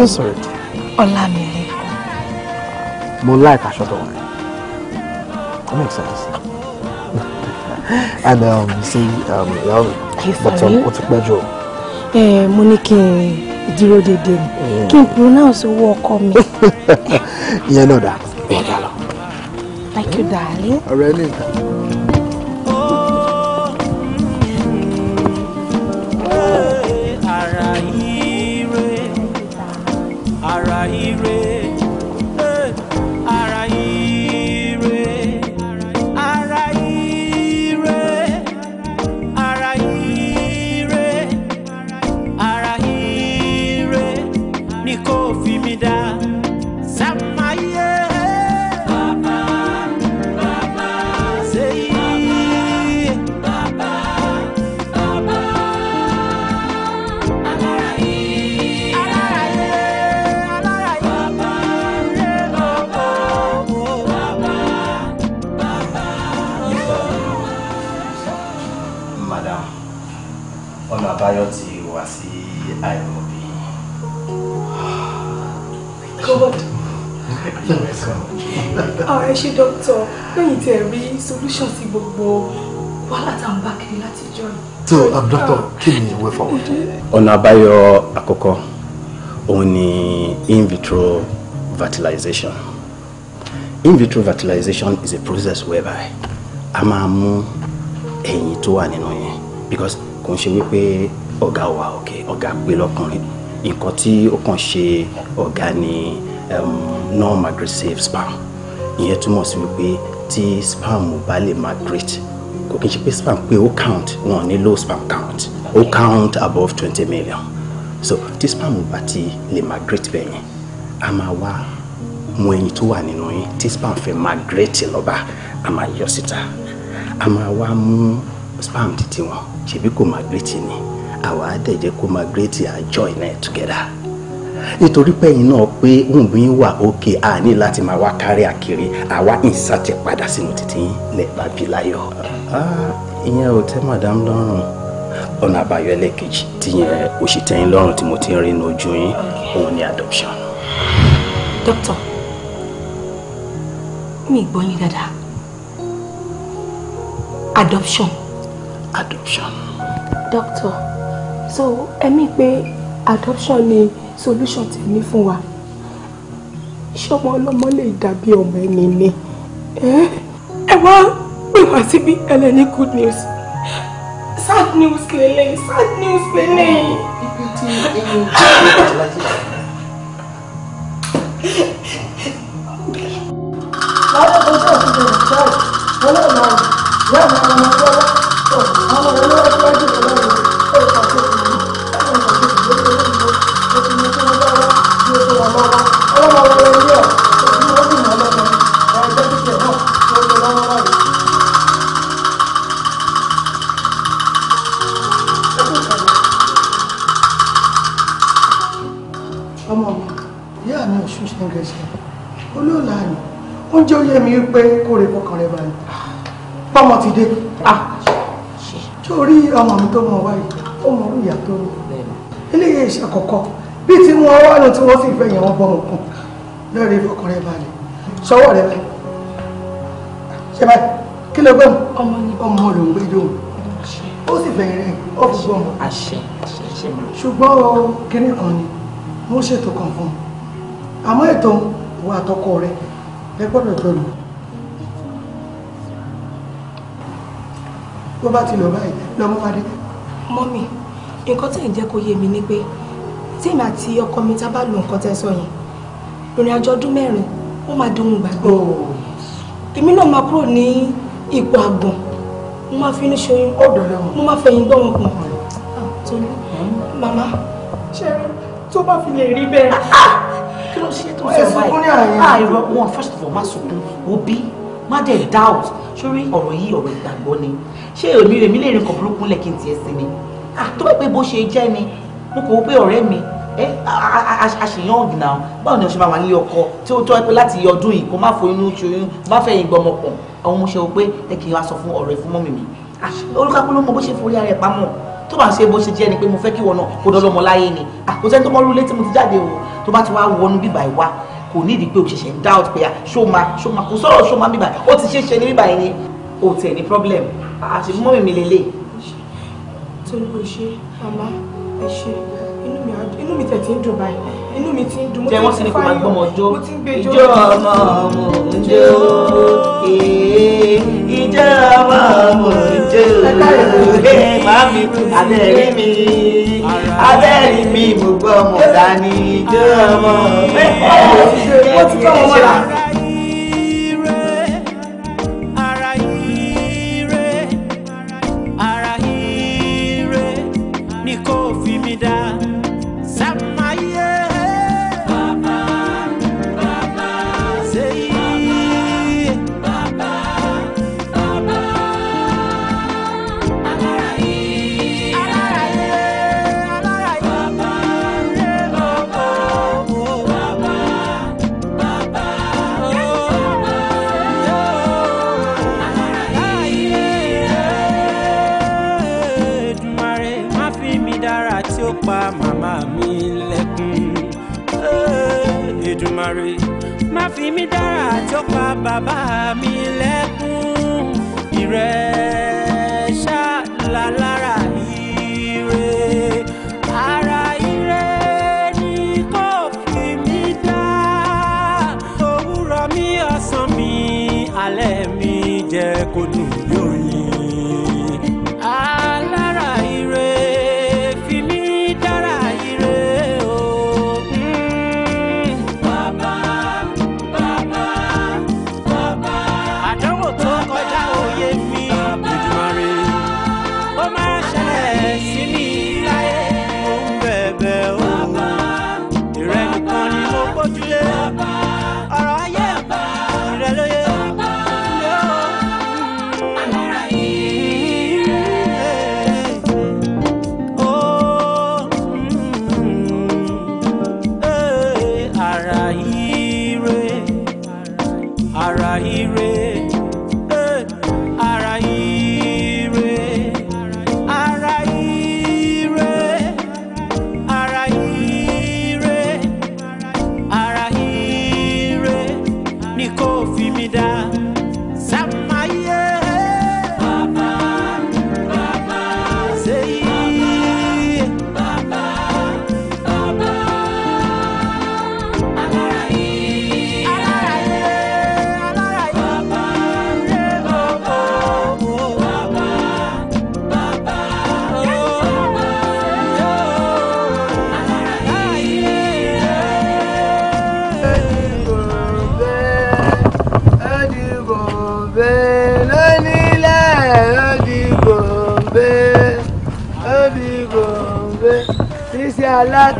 ló sorry. Ọlá mi lè kọ́. like aṣọ That makes sense. and um, see, um, yeah, but um, what's a pleasure? Eh, mo ní kí n dúró dédé ni. Eh. Kí n pronounce owó ọkọ mi. Ìyẹn náà dà. Bẹ́ẹ̀ dà you darling. Already. ọ̀nà àbáyọ ti wà sí àìmọ̀ bí. God ọ̀rọ̀ ẹ ṣe dókítà lẹ́yìn tí ẹ rí solution sí gbogbo wàhálà tá à ń bá kiri látijọ́ so um, doctor kí ni way forward. ọ̀nà àbáyọ àkọ́kọ́ òun ni in vitro fertilization in vitro fertilization is a process whereby a máa mú ẹyin tó wà nínú yẹn because kò ń ṣe wípé ọ̀gá wa òkè ọ̀gá pé lọ́kùnrin nǹkan tí ó kàn ṣe ọ̀gá ni um, non-migrative spam ìyẹn túmọ̀ sí wípé tí spam bá lè migrate kò kí n ṣe pé spam pé ó count wọn ní low spam count ó count above twenty million so tí spam bá ti lè migrate bẹ́ẹ̀ yẹn a máa wá mú ẹyin tó wà nínú yín tí spam fẹ́ migrate lọ́ba a máa yọ síta a máa wá mú spam titi wọn ṣebí kò migrate ni àwa á dẹ̀ jẹ́ kó migrate à together nítorí pẹ́yìn náà pé nǹkan yín wà òkè a ní láti máa wá kárí àkiri àwa ìsàtì padà sínú títí yín lẹ̀ bá bí láyọ̀ ah, ìyẹn ò tẹ́ madam lọ́rùn ọ̀nà àbáyọ ẹlẹ́kejì tíyẹn òṣì tẹ́yìn lọ́rùn tí mo ti ń rí ojú yín òun ni adoption. doctor mi gbọ́ yín dáadáa adoption adoption. doctor so ẹ̀mí pé adoption ni solution ti ní fún wa ṣọmọ ọlọ́mọ lè dàbí ọmọ ẹni ni ẹ wá pè wá síbi ẹlẹ́ni good news sad news lélẹ̀ sad news lélẹ̀. ibi tí ẹyin jẹ́ ìgbàlódé láti ṣe. láwọn ọjọ́ ìdílé ìjọ ìwọlé ìlànà ìyá àwọn ọmọ ọlọ́wọ́ pé kóre kọkàn rẹ balẹ̀ ti dé ah torí ọmọ mi tó mọ wáyé ó mọ ìyá tó ní eléyìí ìṣàkọ́kọ́ bí tí wọ́n wá lọ tí wọ́n fi ìfẹ́ yẹn wọ́n bọ́ wọn kún lórí ìfọkànrẹ́ balẹ̀ sọ́wọ́ rẹ báyìí ṣe báyìí kí ló gbọ́n ọmọ ni ọmọ rẹ̀ ń gbé dóhùn ó sì fẹ̀yìn rẹ̀ ó fi gbọ́n mọ́ ṣùgbọ́n kínní kan ni wọ́n ṣètò kan fún un àmọ́ ètò ìwà àtọkọ rẹ̀ ẹ gbọ́dọ̀ jọ lò bó bá ti lọ báyìí lọ mú wá dé. mọ́mì nǹkan tẹ̀ ń jẹ́ kó yé mi ni pé tèmi àti ọkọ mi tá bá lo nǹkan tẹ́ sọ yẹn ìrìn àjò ọdún mẹ́rin ó máa dohun gbàgbé oh. èmi náà máa kúrò ní ipò àgbọ̀n mo máa fi ní ṣoyún mo máa fẹ̀yìn gbọ́ wọn pọ̀ ah, Tolú hmm? màmá ṣe tó bá fi lè rí bẹ́ẹ̀ kí ló ṣe tó sọ báyìí àìrọ ah, wọn first of all má sọkún òbí má dẹ̀ doubt sórí ọ̀rọ̀ yìí ọ̀rọ̀ ìgbàgbọ́ ni ṣé èmi èmi lè rìn kàn burúkú lẹ̀ kí n tiẹ̀ sí ni ah, tó bá pé bó ṣe jẹ́ ni mo kò pé ọ̀rẹ́ mi aṣèyàn ọ̀gìnà báwo ni o ṣe máa wà nílé ọkọ tí ó tọ́ ẹ pé láti ọdún yìí kó má fo inú ṣoyún bá fẹ́ yìn gbọmọ pọ̀ àwọn mo ṣe o pé ẹ kì í wá sọ fún ọ̀rẹ́ fún mọ́mì mi ah, olùkàkùn ló mọ bó ṣe forí ara ẹ̀ pamọ́ tó bá ṣe bó ṣe jẹ́ ni pé mo fẹ́ kí wọnà kó dọ́lọ́mọ láyé ni ah, kò sẹ́ni tó mọ́ lulẹ̀ tí mo ti jáde o tó bá ti wá wọnú bíbà ìwá kò ní ìdí pé o ṣẹ̀ṣẹ̀ ń doubt pé ṣó máa ṣó máa kò sọ̀rọ̀ ṣó máa bíbà ó ti ṣeéṣe ní bíbà yẹn ni o tẹ̀ ní problem àti mọ́mì mi lélẹ̀. torí o ṣe màmá ẹ ṣe inú mi inú tẹ̀tí ń dùn báyìí inú mi ti ń dùn mo ti ń fáyọ̀ mo ti ń gbẹjọ́ ìjọ ọmọ ọmọ ǹjẹ́ o ìjọ ọmọ ọmọ ǹjẹ́ o máa mi abẹ́rẹ́ mi abẹ́rẹ́ mi mo gbọ́ ọmọ dání ìjọ ọmọ ọmọ ẹ ẹ mo ti tọ́ ọmọ rà.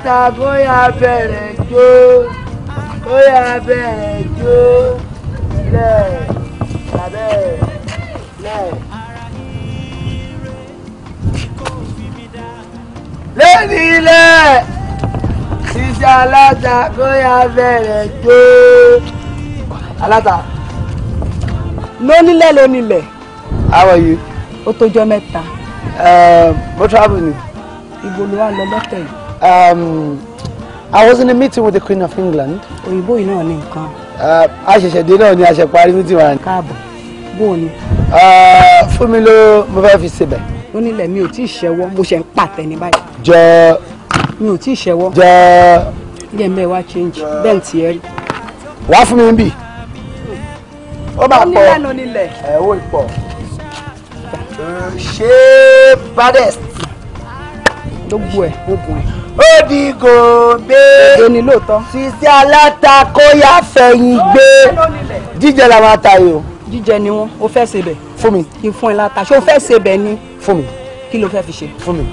ta bóyá bẹ̀rẹ̀ jó bóyá bẹ̀rẹ̀ jó lẹ̀ tàbẹ̀ lẹ̀. lẹ́nu ilẹ̀ ṣiṣẹ́ aláta bóyá bẹ̀rẹ̀ jó aláta. lónílẹ̀ lónílẹ̀. how are you. ó tó jọ mẹ́ta. Um, mo travel ni. ibo ló wà lọ lọ́tẹ̀ yìí. Um, I was in a meeting with the Queen of England. Òyìnbó yìí náà ní nǹkan. Uh, a ṣẹ̀ṣẹ̀ dé náà ni a ṣe parí meeting wa. Káàbọ̀, bó o ni? Uh, fún mi ló mo fẹ́ fi ṣebẹ̀. Ó nílẹ̀ mi ò tí ì ṣẹ́wọ́, mo ṣe ń pàtẹ ní báyìí. Jọ. Mi ò tí ì ṣẹ́wọ́. Jọ. Ilé ń bẹ́ẹ̀ wá change, bẹ́ẹ̀ ń tiẹ̀ rí. Wá fún mi ń bì. Ó máa pọ̀. Onílẹ̀ ló nílẹ̀. Ẹ̀ ó pọ̀. Ṣé baddest? Gbogbo ẹ̀ ó bùn ẹ̀ ó di gòǹgbé. èdè ni lóòótọ́. sisi aláta kóyà fẹ̀yìn gbé jíjẹ làwọn àtàyò. jíjẹ ni wọn o fẹ́ ṣe bẹ̀. fún mi. kí n fún ẹ láta ṣé o fẹ́ ṣe bẹ̀ ni. fún mi. kí ló fẹ́ fi ṣe. fún mi.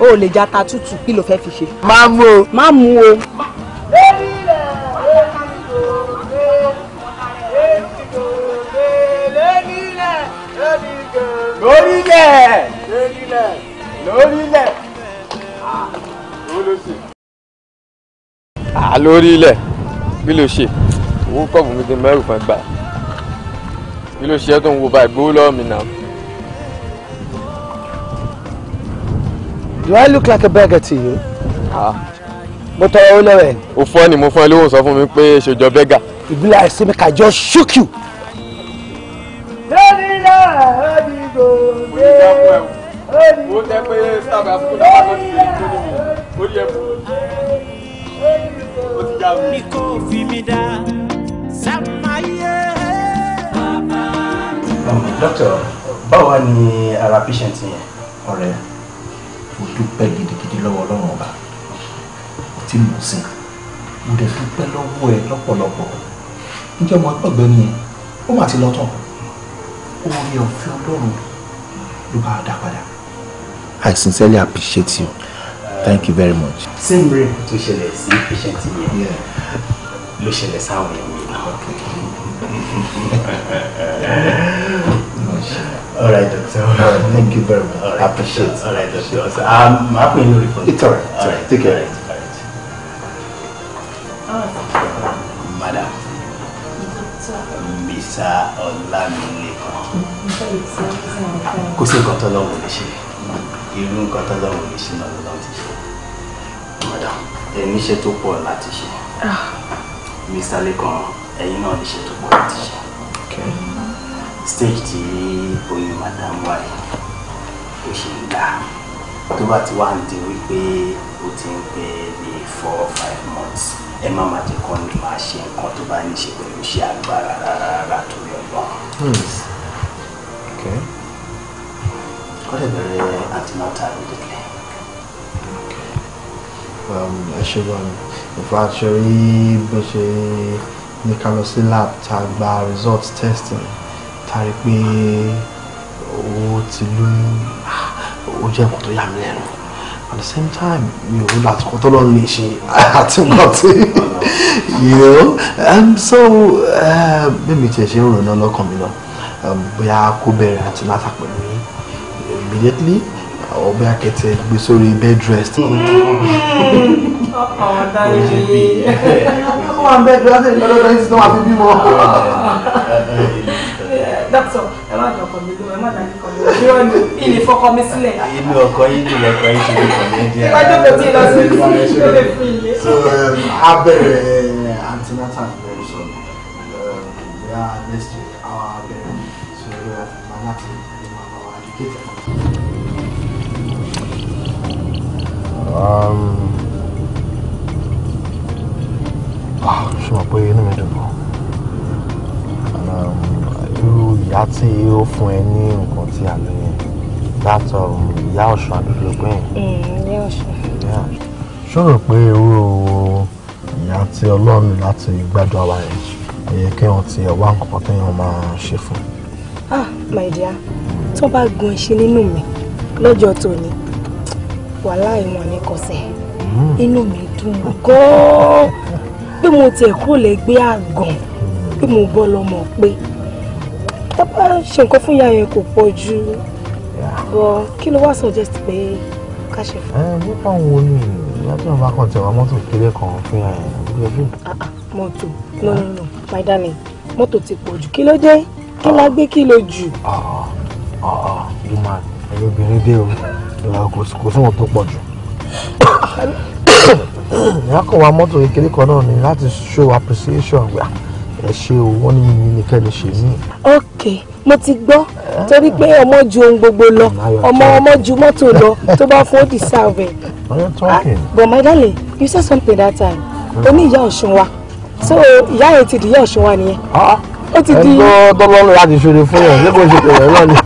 o ò lè ja ta tútù kí ló fẹ́ fi ṣe. má mú o. má mú o. lórílẹ̀ lórílẹ̀ lórílẹ̀ àlórí ilẹ̀ bí ló ṣe owó kọ̀ọ̀bù mi ti mẹ́rù kan gbà bí ló ṣe tó ń wo bá ìgbówó lọ́wọ́ mi náà. Do I look like a beggar to you? mo tọrọ owó lọ́wọ́ ẹ̀. o fọ́ ni mo fọ́ ẹ lóhùn sọ fún mi pé ṣèjọ bẹ́gà. ìbílẹ̀ àìsí mi kàjọ shook you. lórílẹ̀ àdìgbò dé. mo ní dákun ẹ̀ o. ó tẹ́ pé sábà fún mi lọ́wọ́ ti di ìdílé ó yẹ fún ó ti já mi. mi kò fi mi dá sàmáyé. Um, dókítà báwo wá ní ara patient yẹn ọ̀rẹ́ mo dúpẹ́ gidigidi lọ́wọ́ ọlọ́run ọba tí mo sìn mo dẹ̀ dúpẹ́ lọ́wọ́ ẹ lọ́pọ̀lọpọ̀ níjẹ́ ọmọ ọgbẹ́ni yẹn ó mà ti lọ tán oore ọ̀fẹ́ ọlọ́run ló bá dá padà. I sincerely appreciate you thank you very much. same rain tó ṣẹlẹ̀ sí patient yẹn ló ṣẹlẹ̀ sáwọn èèyàn náà. all right doctor. All right, thank you very much. All right, appreciate it. all right doctor. So, um, I'm happy to report. it's all right. all right. take care. All right. All right. Oh. Madam. Mr. Olamilekan. Kò sí nǹkan tó lọ́wọ́ lè ṣe irú nǹkan tó dáwọn lè ṣe náà lọ́dọ̀ ti fún madam ẹ níṣẹ́ tó pọ̀ láti ṣe ah. mr lekan ẹ̀yin náà níṣẹ́ tó pọ̀ láti ṣe stage tí oyún madam wà yìí ó ṣe ń dá tó bá ti wá ń di wípé ó ti ń pẹ́ bíi four or five months ẹ má má jẹ́ kọ́ ni máa ṣe nǹkan tó bá ní ṣe pẹ̀lú iṣẹ́ agbára rárá rárá torí ọgbọ́n. Hmm kọ́ dẹ̀ bẹ̀rẹ̀ antenatal immediately. ẹ ṣe wọ́n ìfọ̀ àṣẹ rí bó ṣe ní ká lọ sí lab tá a gba result testing tá a rí pé owó ti lóyún ó jẹ́ nǹkan tó yà mí lẹ́nu at the same time mi ò rúlà àtúkọ́ tó lọ́n lè ṣe àti nǹkan tí you know um, so um, bí mi tiẹ̀ ṣe ń ròyìn lọ́kàn mi lọ um, bóyá kó bẹ̀rẹ̀ àti látàpẹ̀lú yín immediately or bí akẹ́tẹ̀ Be sorry, bed rest. Mm. ọkọ̀ ọ̀dájú yìí ó wà bed rest ẹ̀yìn lọ́dọ̀ ẹ̀yìn to àti bímọ. Ah, ah, ah, dókítà ẹ má dọ̀kọ̀ mi lọ ẹ má dàbí kọ̀ mi lọ kí ni fọkọ mi sílẹ̀. inú ọkọ yín jù lọkọ yín ṣe lè kọ̀ mí díẹ̀. ìwádìí kò tí ì lọ sí ilé fún ilé. so um, a bẹ̀rẹ̀ eh, antenatal Um, ah, ṣe mọ̀ pé inú mi dùn gan um, irú ìyá tí ó fún ẹ ní nǹkan tí a lè dátọ um, ìyá ọ̀ṣun àdúgbò pé mm, ìyá ọ̀ṣun. ṣọ́rọ̀ pé irú ìyá tí ọlọ́run láti gbádùn ara rẹ̀ ó yẹ kí wọ́n ti ẹ̀wá nǹkan téèyàn máa ṣe fún. ah my dear tó bá gun ẹṣin nínú mi lọ́jọ́ tòní wàhálà ìwọ̀n ní kọsẹ̀ hmm. inú mi dùn gan-an pé mo tiẹ̀ kúrò lẹ́gbẹ́ àgàn pé mo bọ́ lọ́mọ pé ẹ bá ṣe nǹkan fún ìyá yẹn kò pọ̀ jù ọ kí ló wá suggest pé ká ṣe fún. ẹ nípa wo ni láti ọba kan tẹ̀wá mọ́tò kéré kan fún ìyá yẹn àbúrò bí. Ah, ah, mọ́tò no no no my darling mọ́tò ti pọ̀ jù kí ló dé kí la gbé kí lo jù. ọ̀ọ́ ọ̀ọ́ ló máa obìnrin dé o kò sí wọn tó pọ̀ jù ìyá kan wa mọ́tò kékeré kan náà ni láti show appreciation wa ẹ ṣe o ní mímí ṣe mí. ok mo ti gbọ́ torí pé ọmọ ju ohun gbogbo lọ ọmọ ọmọ ju mọ́tò lọ tó bá fún ó di ah, but my darling you said something that time hmm. ó ní ìyá ọ̀ṣun wa so ìyá yẹn ti di ìyá ọ̀ṣun wa nìyẹn. Ah ó ti di. ẹgbọ́ tọ́lọ́run láti ṣòro fún yàn lẹ́kọ̀ọ́ ṣe pẹ̀lú náà ni.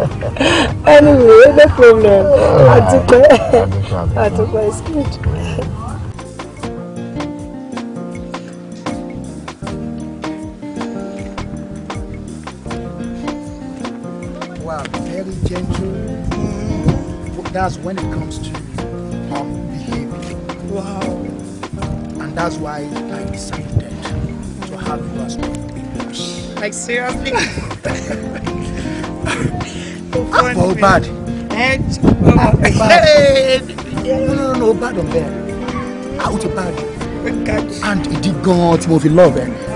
anyway no problem àtúpẹ́ ah. àtúpẹ́ is good. Wow, very gentle. That's when it comes to um, behavior. Wow. And that's why I decided to have you as well. Like seriously? Apple ah, oh, eh, ah, oh, oh, bad. Hey, no, no, no, bad on there. Out ah, of bad. And ìdí gan-an tí love ẹ.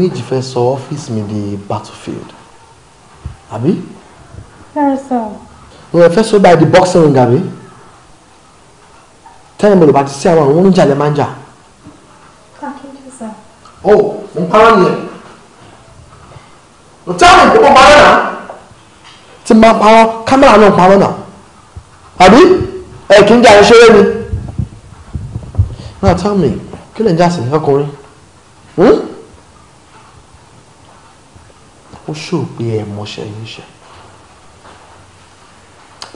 méjì fẹ́ sọ ọ́fíìsì mi di battlefield Abi. Yes, sir. ìwọ̀n ẹ fẹ́ sọ báyìí boxing ring àbí tẹ́lẹ̀ mo lò bá ti sí àwọn àwọn oníjà lẹ́ máa ń jà. ó oh, mo ń parọ́ nìyẹn mo tẹ́lẹ̀ mo ń parọ́ náà tí mo máa parọ́ kámẹ́rà náà ń parọ́ náà àbí ẹ now tell me can you ń jà sí ọkùnrin. ó ṣòro pé ẹ mọṣẹ́ yín ṣe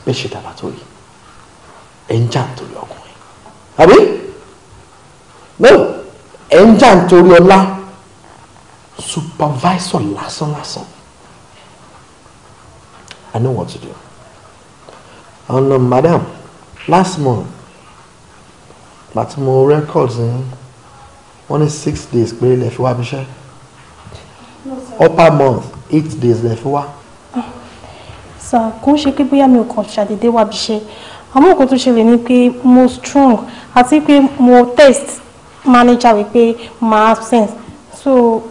bẹ́ẹ̀ ṣe dàgbà tó yìí ẹ ń jà nítorí ọkùnrin àbí no ẹ ń jà nítorí ọlá supervisor lásán lásán I know what to do ọ̀nà um, madam last month láti mo records ní wọ́n ní six days pé ilẹ̀ fi wá mi ṣe upper month eight days left fi wá. sà kò ń ṣe pé bóyá mi ò kàn ṣàdédé wá bí iṣẹ́ àmọ́ nǹkan tó ṣẹlẹ̀ ni pé mo strong àti pé mo test manager wípé my absence so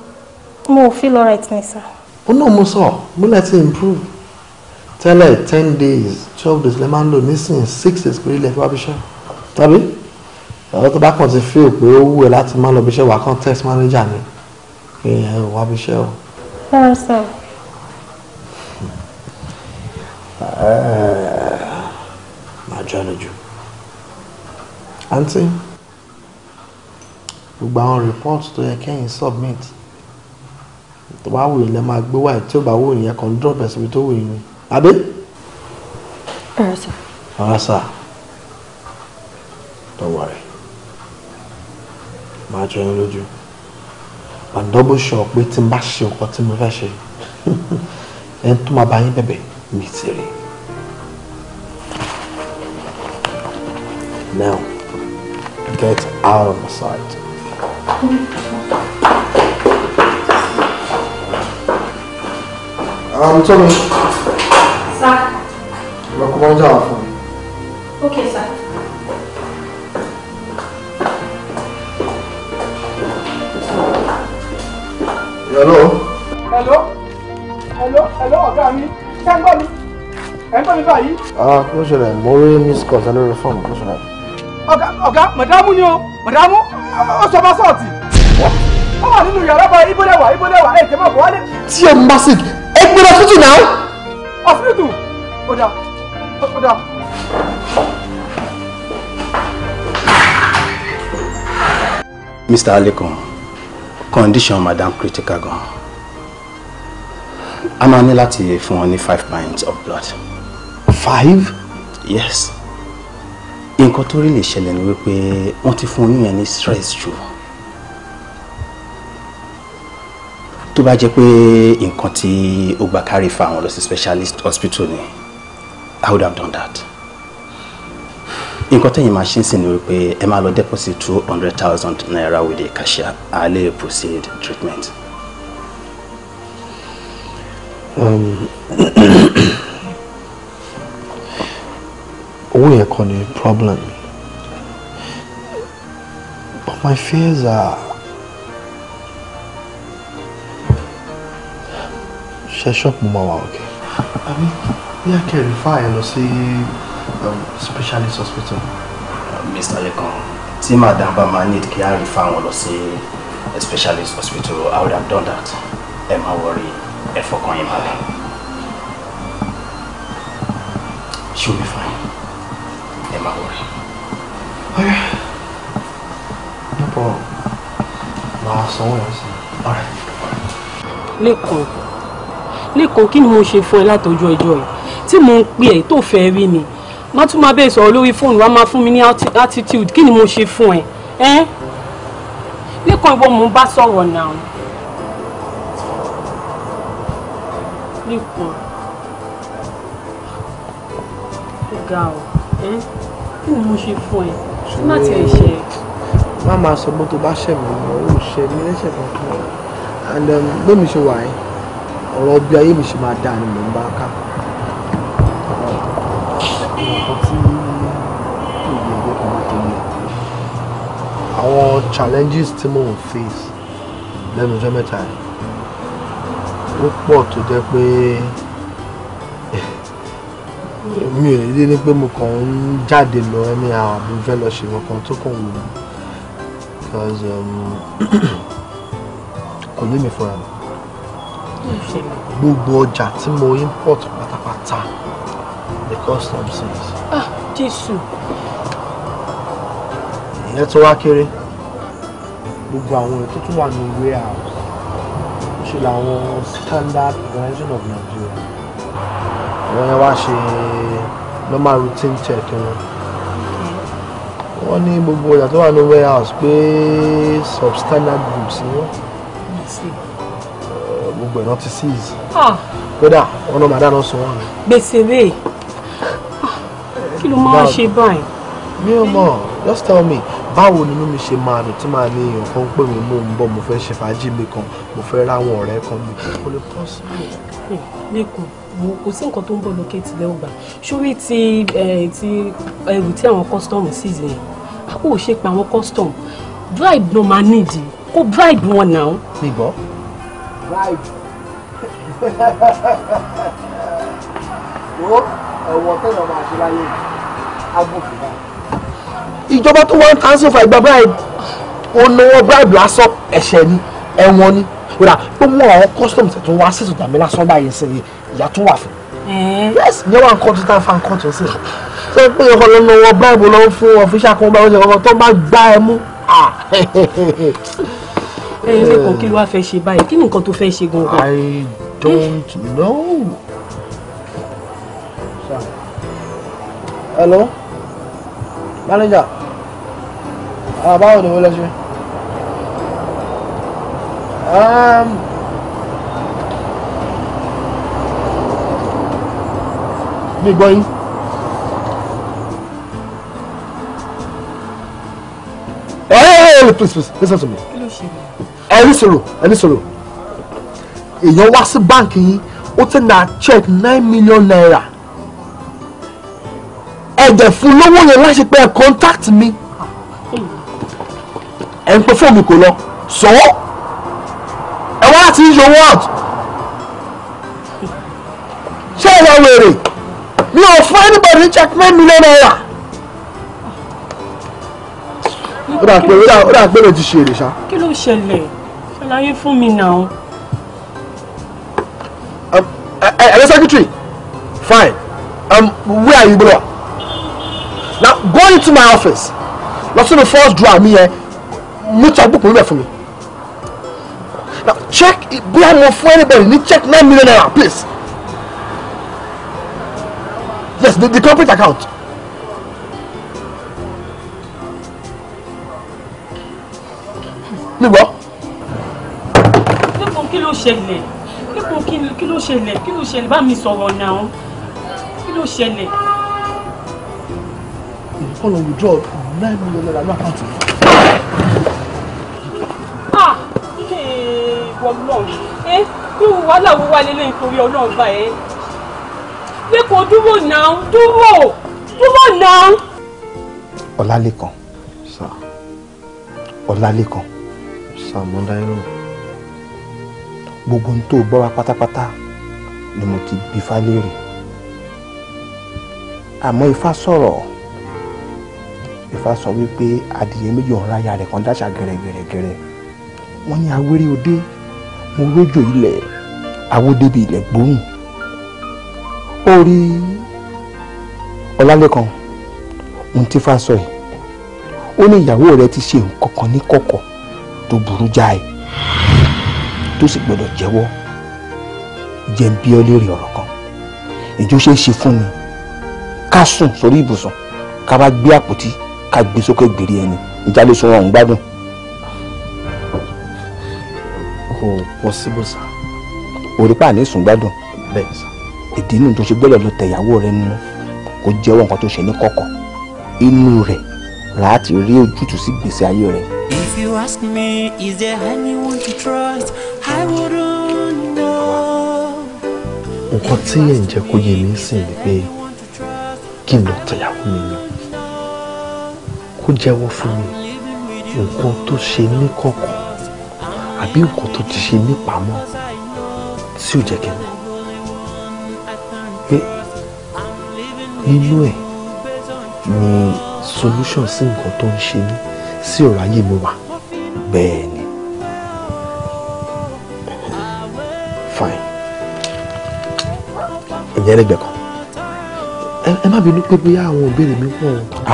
mo feel alright ni sà. ó náà mo sọ mo lè ti improve tẹ́lẹ̀ ten days twelve days lè máa ń lò nísìnyí six days péré lè fi wá bí iṣẹ́ tàbí ẹ̀rọ tó bá kàn ti feel pé ó wù ẹ́ láti má lọ bí wà kàn test manager ni pé ẹ̀ wá bí o. Rárá sá. Màá jáde jù. Àǹtí, gbogbo àwọn rìpọ́ọ̀tì tó yẹ kẹ́yìn submit tó bá wù yín lẹ́ máa gbé wáyé tí ó bá wù yín yẹn kàn ń drop ẹ̀sìn tó wù yín ni. Àbí? Rárá sá. Don't worry. Màá jọ lójú and double pé tí n bá ṣe nǹkan tí mo fẹ́ ṣe ẹni tó máa bá yín bẹ̀bẹ̀ mi ti rí. Now, get out of my sight. Um, Tommy. Sir. Lọ kọ́ mọ́jà wà Okay, sir. hello. hello hello hello ọ̀gá mi ṣé ń gbọ́ mi ẹ̀ ń gbọ́ mi báyìí. ah kí ló ṣẹlẹ̀ mo rí miss call tẹ́lẹ̀ rẹ fọ́ọ̀mù kí ló ṣẹlẹ̀. ọ̀gá ọ̀gá màdàmú ni o màdàmú ó sọ bá sọ̀tì. ó wà nínú yàrá bá ibodè wà ibodè wà ẹ̀ tẹ́lẹ̀ bọ̀ wálé. tí ẹ ń bá sick ẹ gbé lọ hospital náà. hospital ọ̀dà ọ̀dà. Mr. Alekun condition madam critical gan a máa ní láti fún wọn ní five pints of blood. five. yes nǹkan tó rí lè ṣẹlẹ̀ ni wípé wọ́n ti fún oyún ní stress jù tó bá jẹ́ pé nǹkan tí ó gba kárí fa àwọn lọ sí specialist hospital ni i would have done that nǹkan tẹ̀yìn máa ṣe ń sìn ni wípé ẹ máa lọ deposit two hundred thousand naira with the cashier a proceed treatment. Um, owó yẹn kọ́ ni problem but my fears are ṣe ṣọ́ọ̀pù mọ́ wa òkè àbí bí a kẹrìfà ẹ lọ sí um, specialist hospital. Uh, Mr. Lekan, tí madam bá máa need kí á rí fáwọn lọ sí specialist hospital, I would have done that. Ẹ worry, ẹ fọkàn yín balẹ̀. She will be fine. Ẹ worry. Alright. No problem. Màá sanwó yẹn sí. Alright. Lekan, Lekan, kí ni mo ṣe fún ẹ látọjú ọjọ́ yìí tí mo ń pè ẹ́ má tún máa bẹ́ẹ̀ sọ̀rọ̀ lórí fóònù wa máa fún mi ní attitude kí ni mo ṣe fún ẹ ẹ́ lẹ́kàn ìwọ mò ń bá sọ̀rọ̀ náà lẹ́kàn ó ga ọ ẹ́ kí ni mo ṣe fún ẹ má tiẹ̀ ṣe. má máa sọ bó tó bá ṣẹ̀ mí mọ́ ó ṣe mí lẹ́sẹ̀ kankan and um, bẹ́ẹ̀ mi ṣe wà ẹ́ ọ̀rọ̀ bí ayé mi ṣe máa dáa ni mò ń bá ká nǹkan àwọn challenges tí mò ń face lẹ́nu ọjọ́ mẹ́ta ó pọ̀ tó jẹ́ pé mi ò lè ní pé mo kàn ń jáde lọ ẹni àbí fẹ́ lọ ṣe nǹkan tó kàn wù mí because um, kò ní mi fúnra gbogbo ọjà tí mo import pátápátá custom sins. ah jésù. ìyẹn tó wá kéré gbogbo àwọn ètò tó wà ní ìwé àwọn ṣe làwọn standard version of Nigeria àwọn yẹn wá ṣe normal routine check wọn wọ́n ní gbogbo ọjà tó wà ní warehouse pé substandard goods ni wọ́n gbogbo ẹ̀ náà ti seize ah. kódà wọn náà máa dáná sun wọn. gbèsè rèé ló máa ṣe báyìí. mi ò mọ̀ just tell me báwo ni inú mi ṣe máa dùn tí màá ní èèyàn kan pè mí mò ń bọ̀ mo fẹ́ ṣe fàájì mi kan mo fẹ́ ráwọn ọ̀rẹ́ kan mi kò lè pọ̀ sí i. lẹ́kọ̀ọ́ kò sí nǹkan tó ń bọ̀ lókè tilẹ̀ ọgbà sórí ti ẹrù tí àwọn custom sees yẹn a kò ṣe pa àwọn custom bribe ló máa nídìí kó bribe wọn náà. mi bribe wo ẹ̀wọ̀n tẹ̀yọ̀ máa ṣe láyé yìí ìjọba tó wá ń cancel for ìgbà bribe ó náwó lásán ẹ̀ṣẹ̀ ni ẹ̀wọ̀n ni kódà tó mú àwọn customs tó wá sí ìtàmì lásán báyìí sí ìyá tó wà fún yes ní wọn kọ́ tó tá a fa nǹkan ṣé pé ọkọ ló lọ fún ọ̀fíṣà kan bá ọ̀ṣẹ̀ kankan tó bá gbá ẹ mú. ẹyin ṣe kàn kí ló wá fẹ́ ṣe báyìí kí ni nǹkan tó fẹ́ ṣe gan-an. I don't know. Hello manager ah, báwo ni wọ́n lọ ṣe um, mi gbọ́ Hey, please please listen to me. Hello, ní sọ̀rọ̀ ẹ ní sọ̀rọ̀ èèyàn wá sí báǹkì yín check nine million naira ẹ̀jẹ̀ fún lówó yẹn láṣẹ pé contact mi ẹ̀ ń pe fóònù kò lọ so ẹ wá láti yíyọ word ṣé ẹ lọ wèrè mi ò fún anybody ní checkmate mi lọ́nà ẹ̀rà ó dà pé ó dà pé ti ṣe èrè ṣá. kí ló ṣẹlẹ̀ ṣàlàyé fún mi náà. Um, ẹ ẹ ẹ secretary fine um, where are you bro now go into my office lọ sínú first draw mi yẹn mú checkbook mi bẹ̀ fún mi now check bóyá mo fún anybody ní check nine million naira please yes the, the corporate account nígbọ́. nípò kí ló ṣẹlẹ̀ nípò kí ló ṣẹlẹ̀ kí ló ṣẹlẹ̀ bá mi sọ̀rọ̀ náà kí ló ṣẹlẹ̀ kọ́ lọ withdraw nine million naira ní àkáǹtì. ọlọ́run ẹ bí wàhálà wo wà lélẹ̀ nítorí ọlọ́run bá ẹ lẹ́kọ̀ọ́ dúró now. dúró dúró náà. ọlálékan sà ọlálékan sà mo ń dáyé lóhùn. gbogbo ohun tó gbọ́ wa pátápátá ni mo ti bí fálérì àmọ́ ifá sọ̀rọ̀. Ifá sọ wípé adìyẹ méjì ọ̀hún ráyà rẹ̀ kan dáṣà gẹ̀rẹ́gẹ̀rẹ́gẹ̀rẹ́ wọ́n ní awéré òde mo rójò ilẹ̀ awódébí ilẹ̀ gbóhùn ó rí ọlálẹ́kan ohun tí Ifá sọ yìí ó ní ìyàwó rẹ̀ ti ṣe nǹkan kan ní kọ̀kọ̀ tó burú jáì tó sì gbọdọ̀ jẹ́wọ́ jẹ́ bí ó lè rí ọ̀rọ̀ kan ìjọ ṣe é ṣe fún mi ká sùn sórí ibùsùn ká bá gbé àpótí ká gbé sókè gbèrè ẹni ìjálè sọ wọn gbádùn. o oh, possible sir. orí pa àní sùn gbádùn. bẹ́ẹ̀ sà. ìdí inú tó ṣe gbọ́dọ̀ lọ tẹ̀yàwó rẹ nínú kó jẹ́wọ́ nǹkan tó ṣe ní kọ̀kọ̀ inú rẹ̀ láti rí ojútùú sí gbèsè ayé rẹ̀. If you ask me, is there anyone to trust? I wouldn't know. nǹkan tí ẹ̀ ń jẹ́ kó yé mi sìn ni pé kí n lọ tẹ̀yàwó mi lọ kó jẹ́wọ́ fún mi nǹkan tó ṣe ní kọ̀kọ̀ àbí nǹkan tó ti ṣe ní pamọ́ tí ò jẹ́ kí n mọ̀ pé nínú ẹ̀ ni solution sí nǹkan tó ń ṣe mí sí ọ̀rọ̀ ayé mi wà bẹ́ẹ̀ ni ìyẹn lẹ́gbẹ̀ẹ́ kan ẹ má bínú pé bóyá àwọn òbí mi wọ̀ ọ́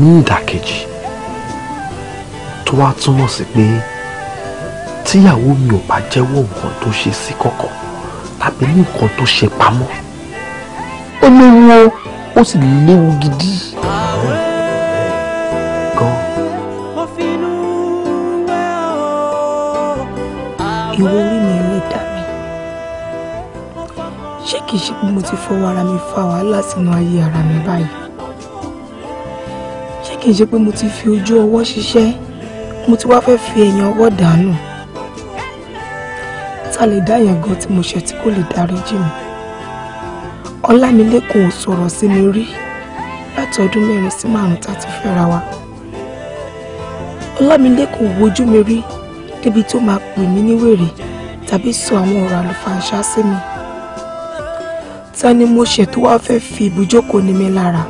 ní ìdàkejì tó wá túmọ̀ sí pé tíyàwó mi ò bá jẹ́wọ́ nǹkan tó ṣe sí kọ̀kọ̀ tàbí ní nǹkan tó ṣe pamọ́ ó léwu o ó sì léwu gidi. ìwọ orí mi rí ìdá mi ṣé kìí ṣe pé mo ti fọwọ́ ara mi fa wàhálà sínú ayé ara mi báyìí kì í ṣe pé mo ti fi ojú ọwọ́ ṣiṣẹ́ mo ti wá fẹ́ fi ẹ̀yìn ọwọ́ dànù ta lè dá yẹn gan tí mo ṣe tí kò lè dáríjì mi ọlámilékun ò sọ̀rọ̀ sí mi rí láti ọdún mẹ́rin sí márùn-ún tá a ti fẹ́ra wa ọlámilékun ò wojú mi rí débi tó máa pè mí níwèrè tàbí sọ àwọn ọ̀rọ̀ àlùfàǹṣá sí mi ta ni mo ṣètò wá fẹ́ fi ibùjókòó ní mi lára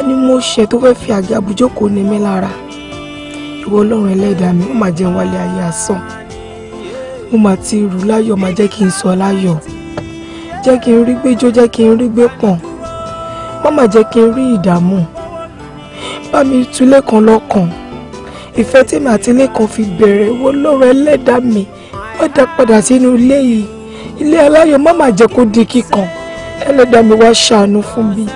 ta ni mo ṣe tó fẹ́ fi àgé àbújókòó ni mí lára ìwọ ọlọ́run ẹlẹ́dàá mi ó máa jẹun wálé ayé asán ó máa ti rù láyọ̀ máa jẹ́ kí n sọ láyọ̀ jẹ́ kí n rí gbéjó jẹ́ kí n rí gbé pọ̀n má má jẹ́ kí n rí ìdààmú bá mi tulé kan lọ́kàn ìfẹ́ tèmi àti ilé kan fi bẹ̀rẹ̀ ìwọ ọlọ́run ẹlẹ́dàá mi má dá padà sínú ilé yìí ilé aláyọ̀ má má jẹ́ kó di kíkan ẹlẹ́dàá mi wá ṣàánú fún mi